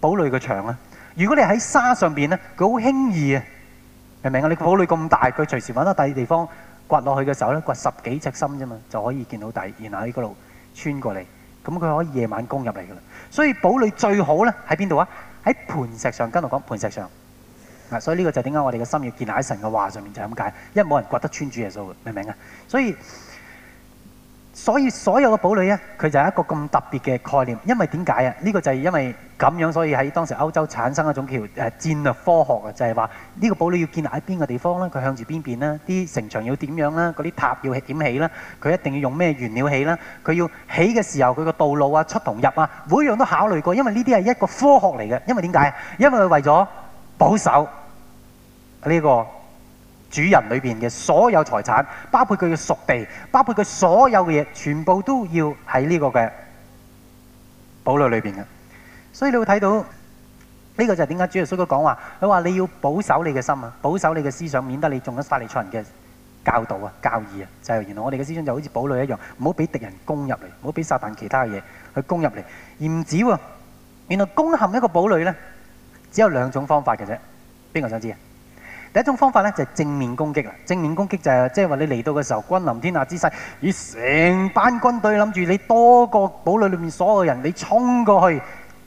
堡壘嘅牆啊。如果你喺沙上邊咧，佢好輕易啊，明唔明啊？你堡壘咁大，佢隨時搵到第二地方掘落去嘅時候咧，掘十幾尺深啫嘛，就可以見到底，然後喺嗰度穿過嚟，咁佢可以夜晚攻入嚟嘅啦。所以保你最好咧喺邊度啊？喺磐石上，跟住我講磐石上。嗱，所以呢個就點解我哋嘅心要建立喺神嘅話上面就係咁解，因為冇人掘得穿主耶穌，明唔明啊？所以。所以所有嘅堡壘呢，佢就係一個咁特別嘅概念，因為點解啊？呢、這個就係因為咁樣，所以喺當時歐洲產生咗一種叫誒戰略科學嘅，就係話呢個堡壘要建立喺邊個地方呢？佢向住邊邊呢？啲城牆要點樣呢？嗰啲塔要係點起呢？佢一定要用咩原料起呢？佢要起嘅時候佢個道路啊出同入啊，每一樣都考慮過，因為呢啲係一個科學嚟嘅，因為點解啊？因為佢為咗保守呢、這個。主人裏邊嘅所有財產，包括佢嘅屬地，包括佢所有嘅嘢，全部都要喺呢個嘅堡壘裏邊嘅。所以你會睇到呢、這個就係點解主耶穌佢講話，佢話你要保守你嘅心啊，保守你嘅思想，免得你中咗法利賽人嘅教導啊、教義啊。就係、是、原來我哋嘅思想就好似堡壘一樣，唔好俾敵人攻入嚟，唔好俾撒旦其他嘅嘢去攻入嚟。而唔止喎，原來攻陷一個堡壘咧，只有兩種方法嘅啫。邊個想知啊？第一種方法咧就係正面攻擊啦，正面攻擊就係即係話你嚟到嘅時候，君臨天下之勢，以成班軍隊諗住你多個堡壘裏面所有人，你衝過去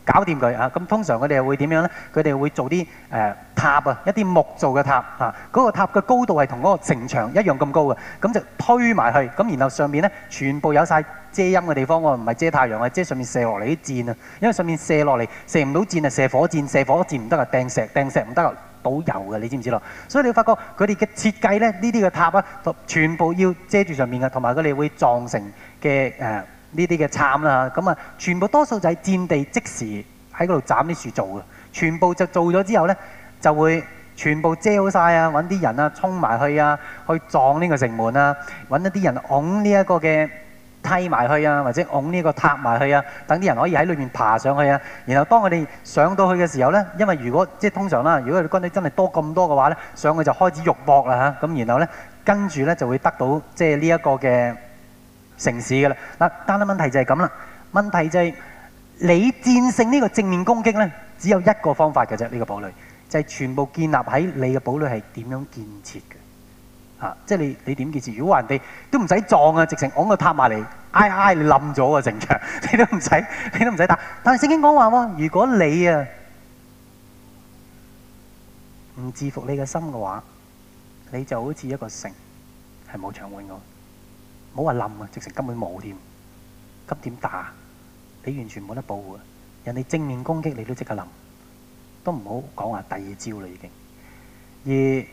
搞掂佢啊！咁通常佢哋會點樣咧？佢哋會做啲誒、呃、塔，一些塔啊，一啲木造嘅塔啊，嗰個塔嘅高度係同嗰個城牆一樣咁高嘅，咁就推埋去，咁然後上面咧全部有晒遮陰嘅地方，我唔係遮太陽啊，遮、即係、上面射落嚟啲箭啊，因為上面射落嚟射唔到箭啊，射火箭、射火箭唔得啊，掟石、掟石唔得啊。倒油嘅，你知唔知咯？所以你會發覺佢哋嘅設計呢，呢啲嘅塔啊，全部要遮住上面嘅，同埋佢哋會撞城嘅誒呢啲嘅杉啦。咁、呃、啊，全部多數就係戰地即時喺嗰度斬啲樹做嘅，全部就做咗之後呢，就會全部遮好晒啊！揾啲人啊，衝埋去啊，去撞呢個城門啊，揾一啲人拱呢一個嘅。梯埋去啊，或者拱呢個塔埋去啊，等啲人可以喺裏面爬上去啊。然後當我哋上到去嘅時候咧，因為如果即係通常啦，如果你軍隊真係多咁多嘅話咧，上去就開始肉搏啦嚇。咁然後咧，跟住咧就會得到即係呢一個嘅城市噶啦。嗱，但係問題就係咁啦。問題就係你戰勝呢個正面攻擊咧，只有一個方法嘅啫。呢個堡壘就係全部建立喺你嘅堡壘係點樣建設。啊！即係你你點件事？如果話人哋都唔使撞啊，直情往個塔埋嚟，挨、哎、挨、哎、你冧咗啊！城牆你都唔使，你都唔使打。但係聖經講話喎、哦，如果你啊唔制伏你嘅心嘅話，你就好似一個城係冇長永嘅，唔好話冧啊，直情根本冇添，咁點打，你完全冇得保護，人哋正面攻擊你都即刻冧，都唔好講話第二招啦已經。而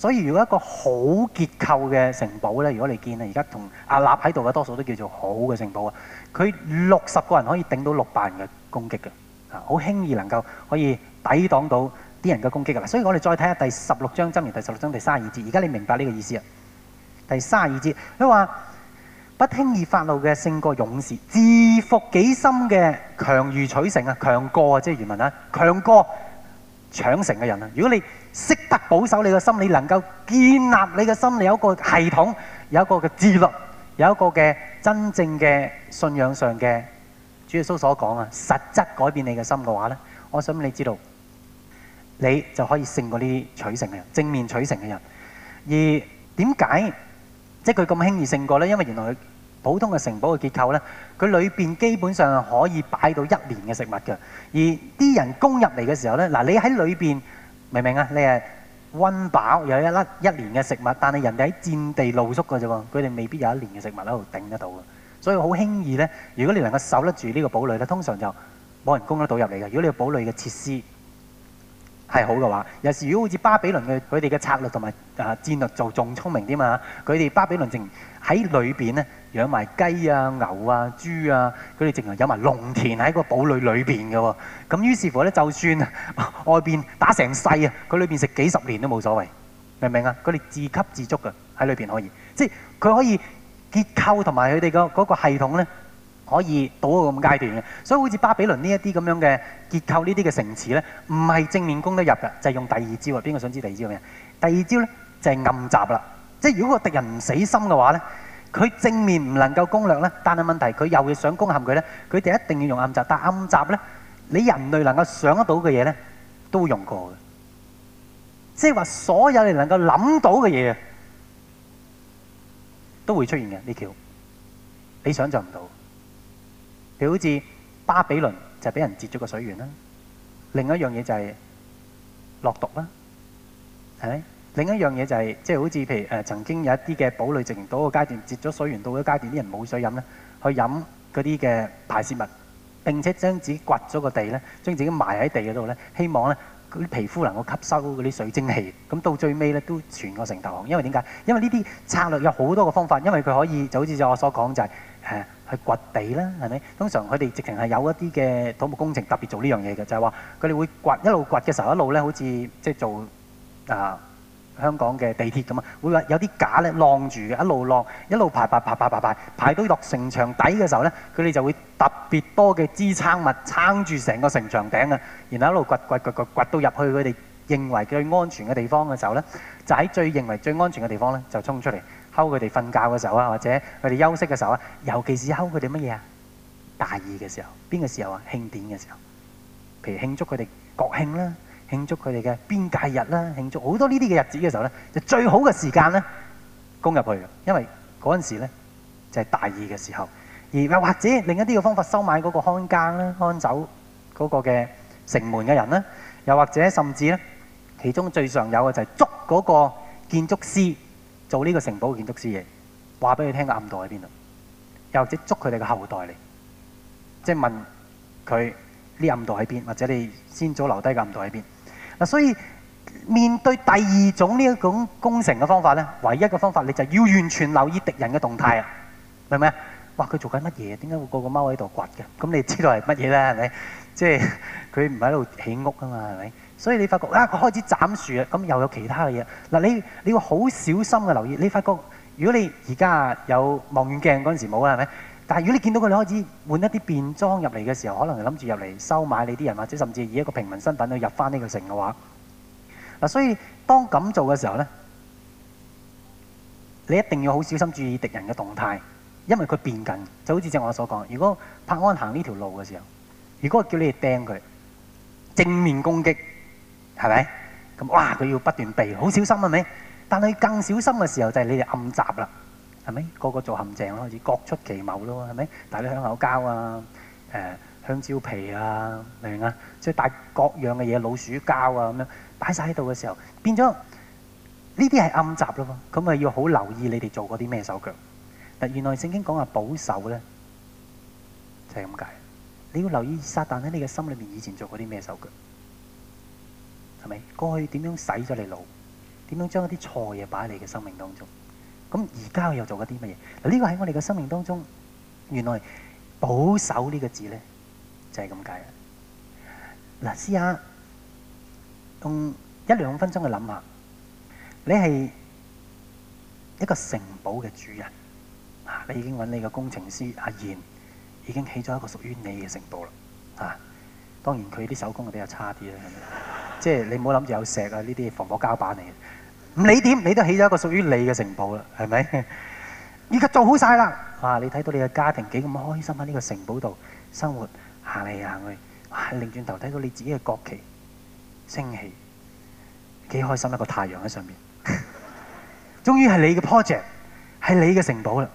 所以如果一個好結構嘅城堡呢，如果你見啊，而家同阿立喺度嘅多數都叫做好嘅城堡啊。佢六十個人可以頂到六百人嘅攻擊嘅，啊，好輕易能夠可以抵擋到啲人嘅攻擊嘅。所以我哋再睇下第十六章《箴言》第十六章第三二節，而家你明白呢個意思啊？第三二節，佢話不輕易發怒嘅勝過勇士，自負己心嘅強如取城啊，強過」。啊，即係原文啦，強過搶城嘅人啊。如果你識得保守你嘅心理，能夠建立你嘅心理有一個系統，有一個嘅自律，有一個嘅真正嘅信仰上嘅主耶穌所講啊，實質改變你嘅心嘅話咧，我想你知道，你就可以勝過呢啲取城嘅人，正面取城嘅人。而點解即係佢咁輕易勝過咧？因為原來佢普通嘅城堡嘅結構咧，佢裏邊基本上係可以擺到一年嘅食物嘅。而啲人攻入嚟嘅時候咧，嗱，你喺裏邊。明唔明啊？你係溫飽有一粒一年嘅食物，但係人哋喺戰地露宿嘅啫喎，佢哋未必有一年嘅食物喺度頂得到嘅，所以好輕易咧。如果你能夠守得住呢個堡壘咧，通常就冇人攻得到入嚟嘅。如果你個堡壘嘅設施係好嘅話，有時如果好似巴比倫嘅佢哋嘅策略同埋啊戰略就仲聰明啲嘛，佢哋巴比倫淨。喺裏邊咧養埋雞啊、牛啊、豬啊，佢哋淨係有埋農田喺個堡壘裏邊嘅喎。咁於是乎咧，就算外邊打成世啊，佢裏邊食幾十年都冇所謂，明唔明啊？佢哋自給自足嘅喺裏邊可以，即係佢可以結構同埋佢哋個嗰個系統咧可以倒到嗰個階段嘅。所以好似巴比倫呢一啲咁樣嘅結構呢啲嘅城池咧，唔係正面攻得入嘅，就係、是、用第二招啊！邊個想知第二招咩？第二招咧就係、是、暗襲啦。即係如果個敵人唔死心嘅話咧，佢正面唔能夠攻略咧，但係問題佢又會想攻陷佢咧，佢哋一定要用暗襲。但係暗襲咧，你人類能夠想得到嘅嘢咧，都會用過嘅。即係話所有你能夠諗到嘅嘢啊，都會出現嘅。呢條，你想象唔到。譬如好似巴比倫就係俾人截咗個水源啦，另一樣嘢就係落毒啦，係咪？另一樣嘢就係、是，即、就、係、是、好似譬如誒、呃、曾經有一啲嘅堡壘直情到一個階段，截咗水源到嗰階段，啲人冇水飲咧，去飲嗰啲嘅排泄物，並且將自己掘咗個地咧，將自己埋喺地嗰度咧，希望咧嗰啲皮膚能夠吸收嗰啲水蒸氣。咁到最尾咧都全個成塘，因為點解？因為呢啲策略有好多個方法，因為佢可以就好似我所講就係、是、誒、呃、去掘地啦，係咪？通常佢哋直情係有一啲嘅土木工程特別做呢樣嘢嘅，就係話佢哋會掘一路掘嘅時候，一路咧好似即係做啊。呃香港嘅地鐵咁啊，會話有啲架咧，晾住嘅，一路晾，一路排排排排排排，排到落城牆底嘅時候咧，佢哋就會特別多嘅支撐物撐住成個城牆頂啊，然後一路掘掘掘掘掘到入去佢哋認為最安全嘅地方嘅時候咧，就喺最認為最安全嘅地方咧，就衝出嚟，敲佢哋瞓覺嘅時候啊，或者佢哋休息嘅時候啊，尤其是敲佢哋乜嘢啊？大二嘅時候，邊個時候啊？慶典嘅時候，譬如慶祝佢哋國慶啦。慶祝佢哋嘅邊界日啦，慶祝好多呢啲嘅日子嘅時候咧，就最好嘅時間咧，攻入去，因為嗰陣時咧就係大二嘅時候，而又或者另一啲嘅方法收買嗰個看更啦、看守嗰個嘅城門嘅人咧，又或者甚至咧，其中最常有嘅就係捉嗰個建築師做呢個城堡嘅建築師嘢，話俾你聽個暗道喺邊度在哪，又或者捉佢哋嘅後代嚟，即係問佢呢暗道喺邊，或者你先早留低個暗道喺邊。嗱，所以面對第二種呢一種工程嘅方法咧，唯一嘅方法你就要完全留意敵人嘅動態啊！明唔明啊？哇！佢做緊乜嘢？點解會個個貓喺度掘嘅？咁你知道係乜嘢咧？係咪？即係佢唔喺度起屋噶嘛？係咪？所以你發覺啊，佢開始斬樹啊，咁又有其他嘅嘢。嗱，你你要好小心嘅留意。你發覺如果你而家有望遠鏡嗰陣時冇啊？係咪？但係如果你見到佢哋開始換一啲便裝入嚟嘅時候，可能係諗住入嚟收買你啲人，或者甚至以一個平民身份去入翻呢個城嘅話，嗱，所以當咁做嘅時候咧，你一定要好小心注意敵人嘅動態，因為佢變緊，就好似正我所講。如果柏安行呢條路嘅時候，如果叫你哋釘佢正面攻擊，係咪？咁哇，佢要不斷避，好小心係咪？但係更小心嘅時候就係、是、你哋暗襲啦。係咪？個個做陷阱開始，各出奇謀咯，係咪？大粒香口膠啊，誒香蕉皮啊，明啊？即係大各樣嘅嘢，老鼠膠啊，咁樣擺晒喺度嘅時候，變咗呢啲係暗襲咯。咁咪要好留意你哋做過啲咩手腳。嗱，原來聖經講話保守咧，就係咁解。你要留意撒但喺你嘅心裏面以前做過啲咩手腳，係咪？過去點樣洗咗你腦？點樣將一啲錯嘢擺喺你嘅生命當中？咁而家又做咗啲乜嘢？嗱，呢個喺我哋嘅生命當中，原來保守呢個字咧，就係咁解嘅。嗱，試下用一兩分鐘去諗下，你係一個城堡嘅主人，啊，你已經搵你嘅工程師阿賢，已經起咗一個屬於你嘅城堡啦，啊，當然佢啲手工比較差啲啦，即係你唔好諗住有石啊，呢啲防火膠板嚟。唔理點，你都起咗一個屬於你嘅城堡啦，係咪？而家做好晒啦，哇！你睇到你嘅家庭幾咁開心喺呢個城堡度生活，行嚟行去，哇！擰轉頭睇到你自己嘅國旗升起，幾開心一個太陽喺上面。終於係你嘅 project，係你嘅城堡啦，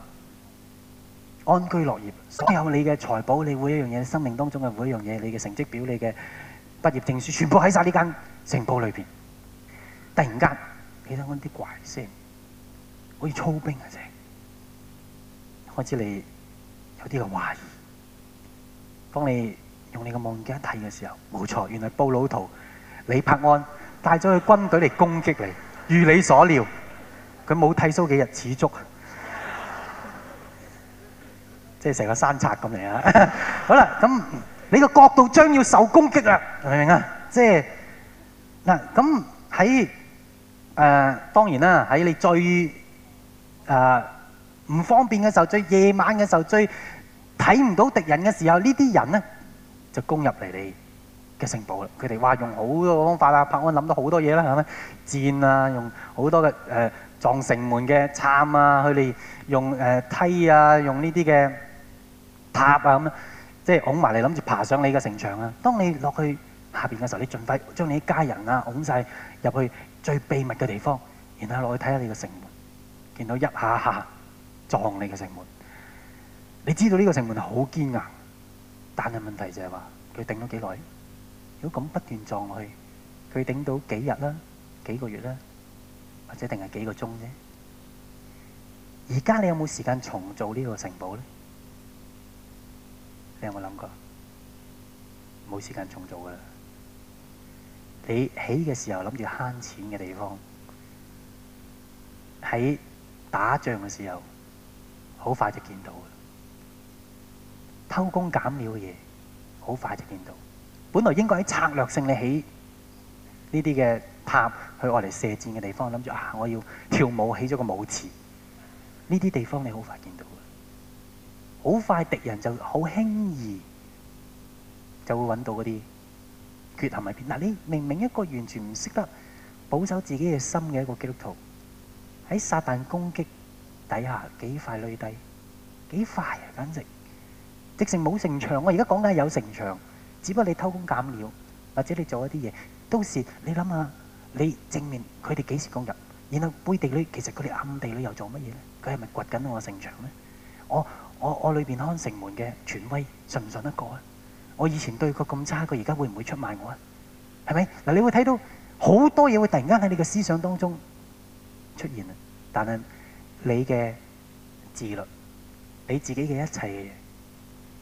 安居樂業。所有你嘅財寶，你每一樣嘢，你生命當中嘅每一樣嘢，你嘅成績表，你嘅畢業證書，全部喺晒呢間城堡裏邊。突然間。起身嗰啲怪聲，好似操兵嘅啫，開始你有啲嘅懷疑。當你用你嘅望遠鏡一睇嘅時候，冇錯，原來布魯圖、李柏安帶咗佢軍隊嚟攻擊你。如你所料，佢冇剃須幾日始足，即係成個山賊咁嚟啊！好啦，咁你個角度將要受攻擊喇！明唔明啊？即係嗱，咁喺。誒當然啦，喺你最誒唔方便嘅時候，最夜晚嘅時候，最睇唔到敵人嘅時候，呢啲人呢就攻入嚟你嘅城堡啦。佢哋話用好多方法啦，柏安諗到好多嘢啦，係咪？箭啊，用好多嘅誒撞城門嘅鏟啊，佢哋用誒梯啊，用呢啲嘅塔啊咁，即係拱埋嚟諗住爬上你嘅城牆啊。當你落去下邊嘅時候，你盡快將你啲家人啊拱晒入去。最秘密嘅地方，然後落去睇下你嘅城門，見到一下下撞你嘅城門，你知道呢個城門係好堅硬，但係問題就係話佢頂咗幾耐？如果咁不斷撞落去，佢頂到幾日啦、幾個月啦，或者定係幾個鐘啫？而家你有冇時間重做呢個城堡咧？你有冇諗過？冇時間重做噶啦。你起嘅時候諗住慳錢嘅地方，喺打仗嘅時候，好快就見到嘅偷工減料嘅嘢，好快就見到。本來應該喺策略性你起呢啲嘅塔去外嚟射箭嘅地方，諗住啊，我要跳舞起咗個舞池，呢啲地方你好快見到，好快敵人就好輕易就會揾到嗰啲缺陷係邊？嗱，你明明一個完全唔識得保守自己嘅心嘅一個基督徒，喺撒旦攻擊底下幾快墜地，幾快啊！簡直直情冇城牆啊！我而家講緊係有城牆，只不過你偷工減料或者你做一啲嘢。到時你諗下，你正面佢哋幾時攻入？然後背地裏其實佢哋暗地裏又做乜嘢咧？佢係咪掘緊我城牆咧？我我我裏邊看城門嘅權威信唔信得過咧？我以前對佢咁差，佢而家會唔會出賣我啊？係咪？嗱，你會睇到好多嘢會突然間喺你嘅思想當中出現啦。但係你嘅自律，你自己嘅一切，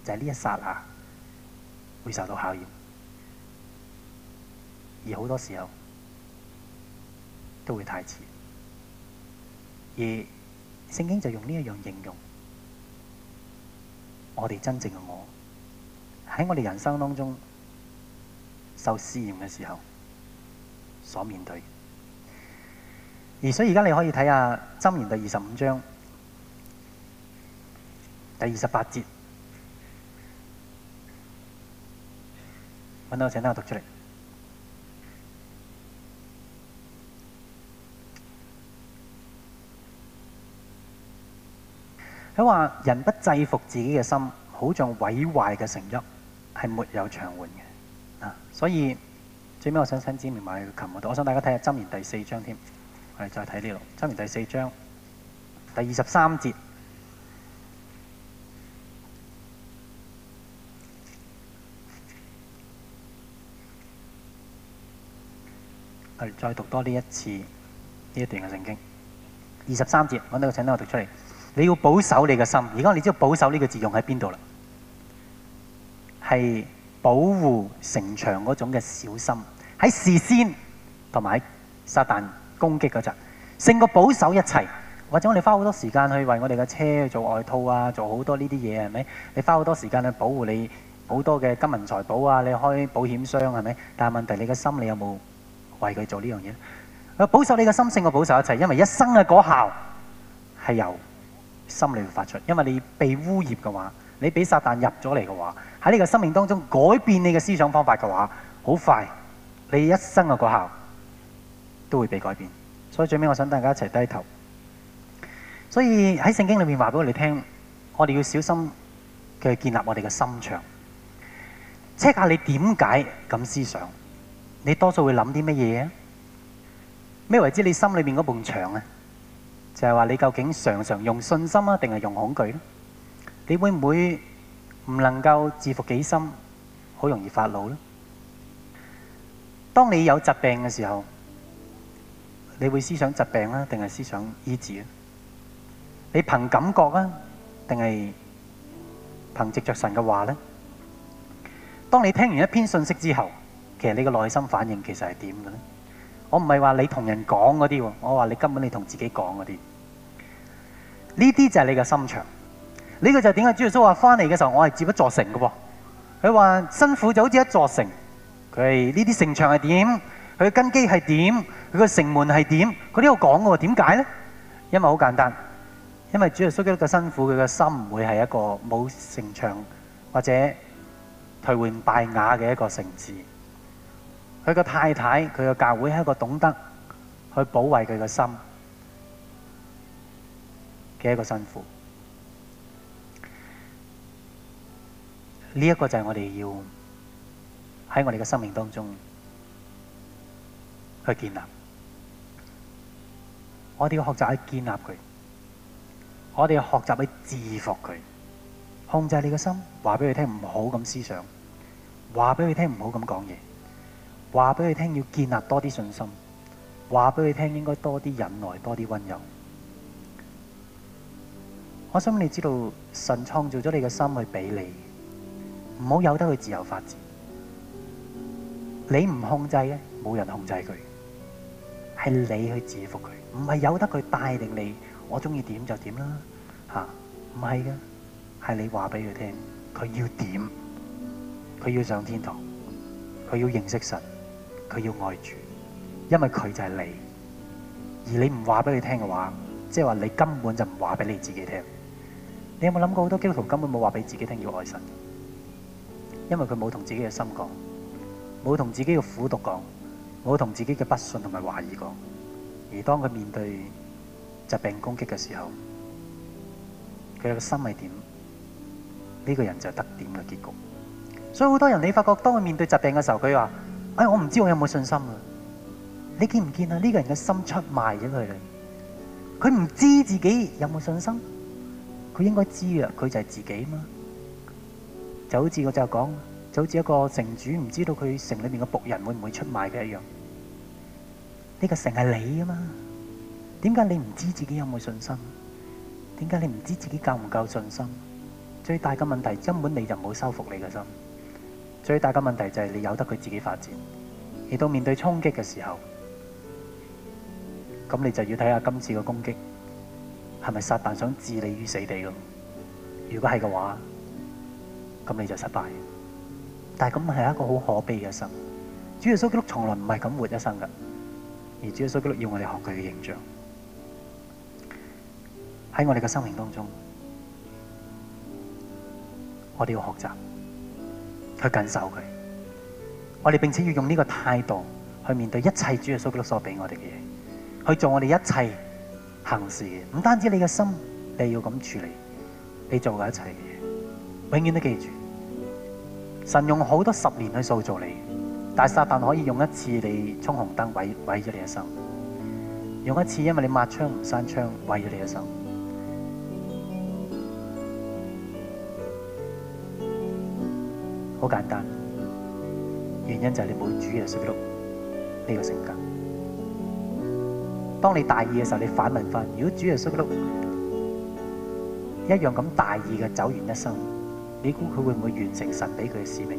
就係呢一剎下，會受到考驗。而好多時候都會太遲。而聖經就用呢一樣形容我哋真正嘅我。喺我哋人生當中受試驗嘅時候，所面對，而所以而家你可以睇下《箴言》第二十五章第二十八節，搵到請大家讀出嚟。佢話：人不制服自己嘅心，好像毀壞嘅城邑。係沒有長遠嘅，啊！所以最尾我想親指明埋去琴我度。我想大家睇下《箴言》第四章添，我哋再睇呢度《箴言》第四章第二十三節，我再讀多呢一次呢一段嘅聖經。二十三節，搵到個請呢我讀出嚟。你要保守你嘅心，而家你知道保守呢個字用喺邊度啦。係保護城牆嗰種嘅小心，喺事先同埋喺撒旦攻擊嗰陣，勝過保守一切，或者我哋花好多時間去為我哋嘅車去做外套啊，做好多呢啲嘢，係咪？你花好多時間去保護你好多嘅金銀財寶啊，你開保險箱係咪？但係問題是你嘅心你有冇為佢做這事呢樣嘢？保守你嘅心勝過保守一切，因為一生嘅果效係由心裏發出，因為你被污染嘅話。你俾撒旦入咗嚟嘅話，喺你嘅生命當中改變你嘅思想方法嘅話，好快你一生嘅果效都會被改變。所以最尾我想大家一齊低頭。所以喺聖經裏面話俾我哋聽，我哋要小心佢建立我哋嘅心牆 check 下你點解咁思想？你多數會諗啲乜嘢啊？咩為之你心裏面嗰埲牆啊？就係話你究竟常常用信心啊，定係用恐懼咧？你會唔會唔能夠自服己心？好容易發怒呢？當你有疾病嘅時候，你會思想疾病啊，定係思想醫治啊？你憑感覺啊，定係憑直着神嘅話呢？當你聽完一篇信息之後，其實你個內心反應其實係點嘅呢？我唔係話你同人講嗰啲，我話你根本你同自己講嗰啲。呢啲就係你嘅心腸。呢個就係點解主耶穌話翻嚟嘅時候，我係接一座城㗎喎？佢話新婦就好似一座城，佢呢啲城牆係點？佢根基係點？佢個城門係點？佢呢度講嘅喎？點解呢？因為好簡單，因為主耶穌嘅一個新婦，佢嘅心唔會係一個冇城牆或者頹垣敗瓦嘅一個城市。佢個太太，佢個教會係一個懂得去保衞佢個心嘅一個新婦。呢一個就係我哋要喺我哋嘅生命當中去建立，我哋要學習去建立佢，我哋要學習去制服佢，控制你嘅心，話俾佢聽唔好咁思想，話俾佢聽唔好咁講嘢，話俾佢聽要建立多啲信心，話俾佢聽應該多啲忍耐，多啲温柔。我想你知道神創造咗你嘅心去俾你。唔好由得佢自由發展，你唔控制嘅，冇人控制佢，係你去制服佢，唔係由得佢帶領你。我中意點就點啦，吓，唔係噶，係你話俾佢聽，佢要點，佢要上天堂，佢要認識神，佢要愛主，因為佢就係你。而你唔話俾佢聽嘅話，即係話你根本就唔話俾你自己聽。你有冇諗過好多基督徒根本冇話俾自己聽要愛神？因為佢冇同自己嘅心講，冇同自己嘅苦毒講，冇同自己嘅不信同埋懷疑講。而當佢面對疾病攻擊嘅時候，佢嘅心係點？呢個人就係得點嘅結局。所以好多人，你發覺當佢面對疾病嘅時候，佢話，哎，我唔知我有冇信心啊！你見唔見啊？呢個人嘅心出賣咗佢啦！佢唔知自己有冇信心，佢應該知啊！佢就係自己嘛。就好似我就講，就好似一個城主唔知道佢城裏面嘅僕人會唔會出賣佢一樣。呢個城係你啊嘛，點解你唔知自己有冇信心？點解你唔知自己夠唔夠信心？最大嘅問題根本你就冇收復你嘅心。最大嘅問題就係你由得佢自己發展，而到面對衝擊嘅時候，咁你就要睇下今次個攻擊係咪撒旦想置你於死地咯？如果係嘅話，咁你就失敗，但係咁係一個好可悲嘅心。主耶穌基督從來唔係咁活一生噶而主耶穌基督要我哋學佢嘅形象。喺我哋嘅生命當中，我哋要學習去緊守佢，我哋並且要用呢個態度去面對一切主耶穌基督所俾我哋嘅嘢，去做我哋一切行事，唔單止你嘅心你要咁處理，你做嘅一切嘅嘢。永遠都記住，神用好多十年去塑造你，但係撒旦可以用一次你衝紅燈毀毀咗你一生，用一次因為你抹窗唔閂窗毀咗你一生，好簡單，原因就係你冇主耶穌基督呢個性格。當你大意嘅時候，你反問翻：如果主耶穌基督一樣咁大意嘅走完一生？你估佢會唔會完成神俾佢嘅使命？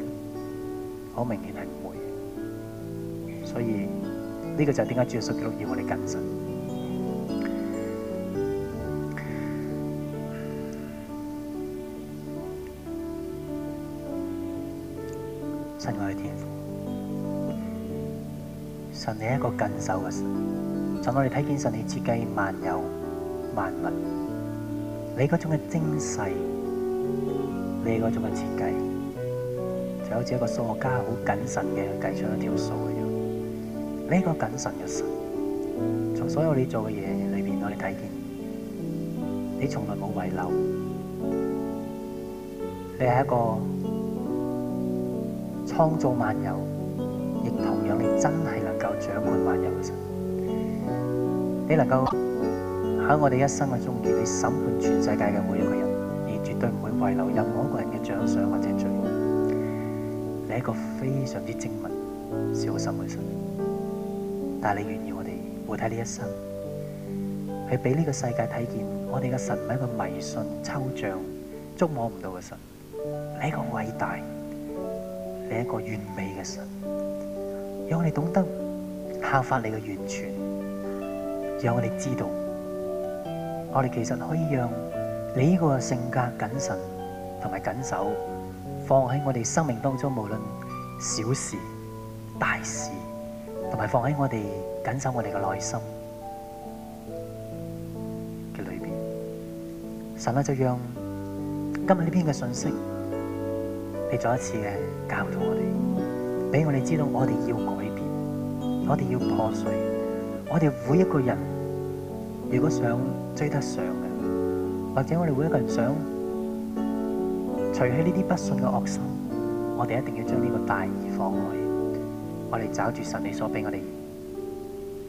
好明顯係唔會，所以呢個就係點解主耶穌要我哋跟神。親愛嘅天父，神你一個緊守嘅神，就我哋睇見神你設計萬有萬物，你嗰種嘅精細。呢個做乜設計？就好似一個數學家好謹慎嘅計出一條數嘅啫。呢個謹慎嘅神，從所有你做嘅嘢裏邊，我哋睇見你從來冇遺留。你係一個創造萬有，亦同樣你真係能夠掌管萬有嘅神。你能夠喺我哋一生嘅終結，你審判全世界嘅每一個人，而絕對唔會遺留任何長相或者罪惡，你係一個非常之精密、小心嘅神，但係你願意我哋活喺呢一生，係俾呢個世界睇見，我哋嘅神唔係一個迷信、抽象、捉摸唔到嘅神，你係一個偉大、你係一個完美嘅神，讓我哋懂得效法你嘅完全，讓我哋知道，我哋其實可以讓你呢個性格謹慎。同埋緊守，放喺我哋生命當中，無論小事、大事，同埋放喺我哋緊守我哋嘅內心嘅裏邊，神啊就讓今日呢篇嘅信息，你再一次嘅教導我哋，俾我哋知道我哋要改變，我哋要破碎，我哋每一個人如果想追得上嘅，或者我哋每一個人想。除去呢啲不信嘅惡心，我哋一定要將呢個大義放開。我哋抓住神你所俾我哋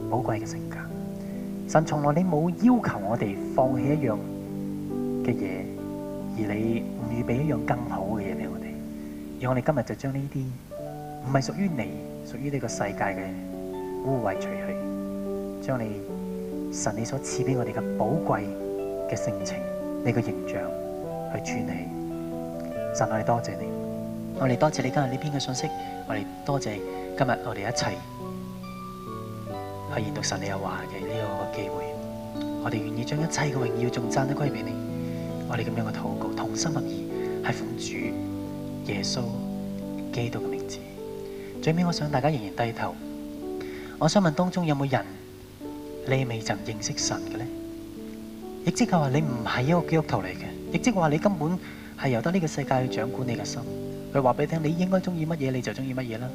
寶貴嘅性格。神從來你冇要求我哋放棄一樣嘅嘢，而你唔預備一樣更好嘅嘢俾我哋。而我哋今日就將呢啲唔係屬於你、屬於呢個世界嘅污穢除去，將你神你所賜俾我哋嘅寶貴嘅性情、你嘅形象去存起。神，我哋多謝你，我哋多謝你今日呢篇嘅信息，我哋多謝今日我哋一齊去研讀神你嘅話嘅呢個機會，我哋願意將一切嘅榮耀仲讚得歸俾你，我哋咁樣嘅禱告，同心合意係奉主耶穌基督嘅名字。最尾，我想大家仍然低頭，我想問當中有冇人你未曾認識神嘅呢？亦即係話你唔係一個基督徒嚟嘅，亦即係話你根本。係由得呢個世界去掌管你嘅心，佢話俾你聽，你應該中意乜嘢你就中意乜嘢啦，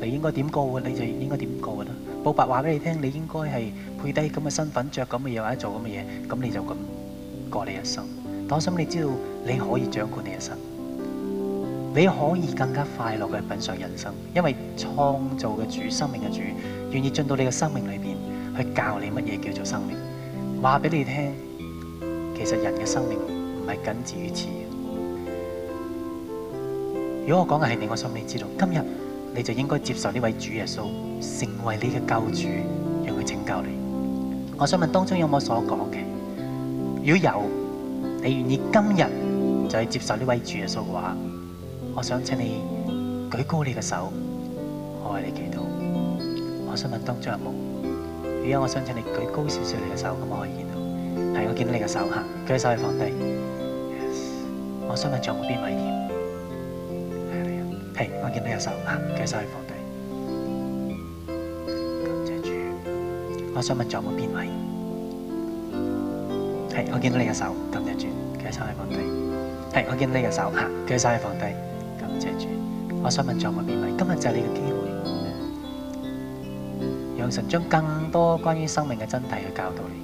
你應該點過你就應該點過嘅啦。布白話俾你聽，你應該係配低咁嘅身份，着咁嘅嘢或者做咁嘅嘢，咁你就咁過你一生。當心，你知道你可以掌管你嘅心，你可以更加快樂嘅品嘗人生，因為創造嘅主、生命嘅主願意進到你嘅生命裏邊去教你乜嘢叫做生命，話俾你聽，其實人嘅生命唔係僅止於此。如果我講嘅係你，我心裏知道，今日你就應該接受呢位主耶穌，成為你嘅救主，讓佢拯救你。我想問當中有冇所講嘅？如果有，你願意今日就係接受呢位主耶穌嘅話，我想請你舉高你嘅手，我為你祈禱。我想問當中有冇？如果我想請你舉高少少你嘅手，咁我可以見到。係，我見到你嘅手下舉手去放低。Yes，我想問在邊位？見到你嘅手，啊，舉手去放低。感謝主，我想問仲有冇邊位？係，我見到你嘅手，感謝主，舉手去放低。係，我見到你嘅手，啊，舉手去放低。感謝主，我想問仲有冇邊位？今日就係你嘅機會，讓神將更多關於生命嘅真諦去教導你。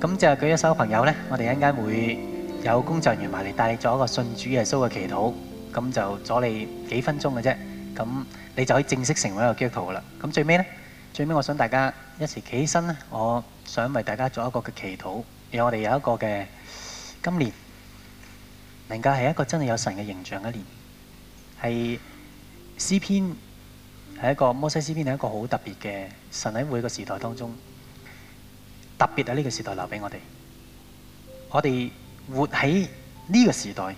咁就係舉一手朋友咧，我哋一陣間會有工作人員埋嚟帶你做一個信主耶穌嘅祈禱，咁就阻你幾分鐘嘅啫。咁你就可以正式成為一個基督徒噶啦。咁最尾咧，最尾我想大家一齊企起身咧，我想為大家做一個嘅祈禱，讓我哋有一個嘅今年能夠係一個真係有神嘅形像嘅一年，係詩篇係一個摩西詩篇係一個好特別嘅神喺每個時代當中。特別喺呢個時代留俾我哋，我哋活喺呢個時代，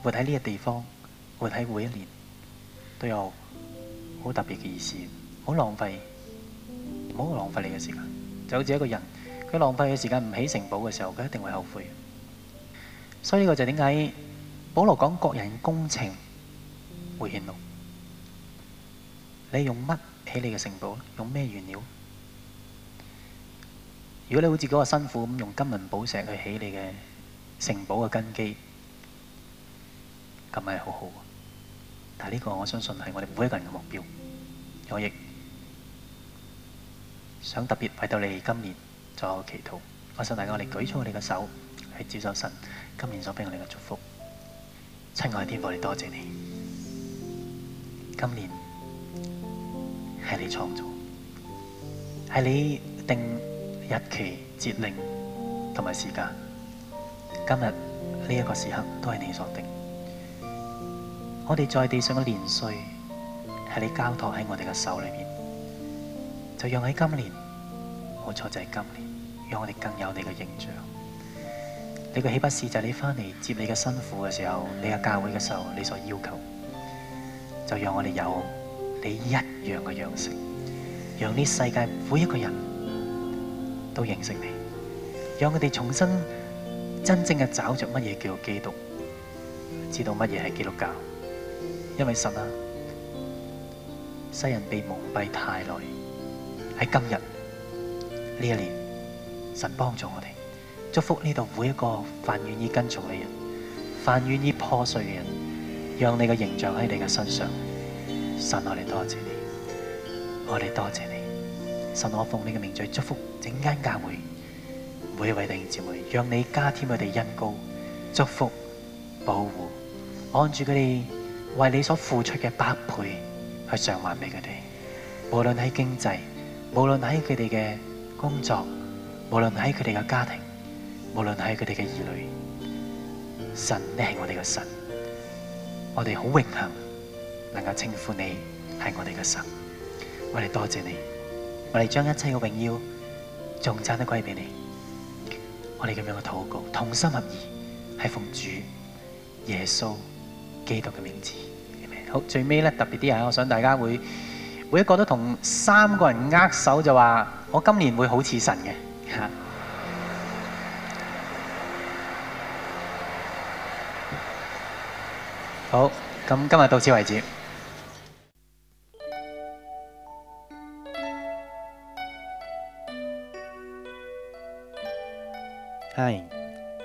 活喺呢個地方，活喺每一年，都有好特別嘅意思，唔好浪費，唔好浪費你嘅時間。就好似一個人，佢浪費嘅時間唔起城堡嘅時候，佢一定會後悔。所以呢個就係點解保羅講各人工程會顯露。你用乜起你嘅城堡？用咩原料？如果你好似嗰個辛苦咁用金銀寶石去起你嘅城堡嘅根基，咁係好好。但係呢個我相信係我哋每一個人嘅目標。我亦想特別為到你今年作祈禱，我想大家我哋舉出我哋嘅手去接受神今年所俾我哋嘅祝福。親愛嘅天父，我哋多謝你，今年係你創造，係你定。日期、節令同埋時間，今日呢一個時刻都係你所定。我哋在地上嘅年歲係你交託喺我哋嘅手裏邊，就讓喺今年，冇錯就係今年，讓我哋更有你嘅形象。你嘅豈不是就係你翻嚟接你嘅新婦嘅時候，你嘅教會嘅時候，你所要求，就讓我哋有你一樣嘅樣式，讓呢世界每一個人，都認識你，讓我哋重新真正嘅找着乜嘢叫基督，知道乜嘢係基督教，因為神啊，世人被蒙蔽太耐，喺今日呢一年，神幫助我哋，祝福呢度每一個凡願意跟從嘅人，凡願意破碎嘅人，讓你嘅形像喺你嘅身上，神我哋多謝你，我哋多謝你。神，我奉你嘅名在祝福整間教會，每一位弟兄姊妹，讓你加添佢哋恩膏，祝福保護，按住佢哋為你所付出嘅百倍去償還俾佢哋。無論喺經濟，無論喺佢哋嘅工作，無論喺佢哋嘅家庭，無論喺佢哋嘅兒女，神你係我哋嘅神，我哋好榮幸能夠稱呼你係我哋嘅神，我哋多謝你。我哋將一切嘅榮耀，仲爭得歸畀你。我哋咁樣嘅禱告，同心合意，係奉主耶穌基督嘅名字。好，最尾咧，特別啲人，我想大家會每一個都同三個人握手就說，就話我今年會好似神嘅。 (laughs) 好，咁今日到此為止。係，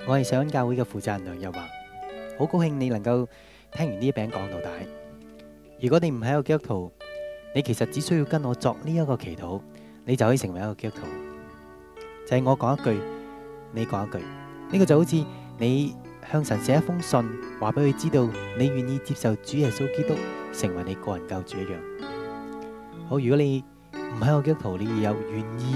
我係上恩教會嘅負責人梁又華，好高興你能夠聽完呢一餅講到大。如果你唔係一個基督徒，你其實只需要跟我作呢一個祈禱，你就可以成為一個基督徒。就係我講一句，你講一句，呢個就好似你向神寫一封信，話俾佢知道你願意接受主耶穌基督成為你個人救主一樣。好，如果你唔係一個基督徒，你又願意，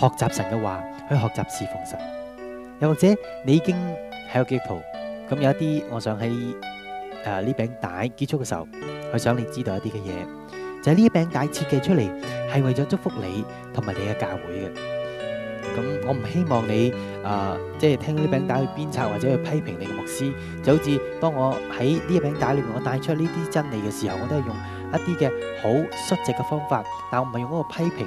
學習神嘅話，去學習侍奉神，又或者你已經係個基督徒，咁有一啲，我想喺誒呢餅帶結束嘅時候，去想你知道一啲嘅嘢，就係呢一餅帶設計出嚟係為咗祝福你同埋你嘅教會嘅。咁我唔希望你誒，即係聽呢餅帶去鞭策，或者去批評你嘅牧師，就好似當我喺呢一餅帶裏面，我帶出呢啲真理嘅時候，我都係用一啲嘅好率直嘅方法，但係我唔係用嗰個批評，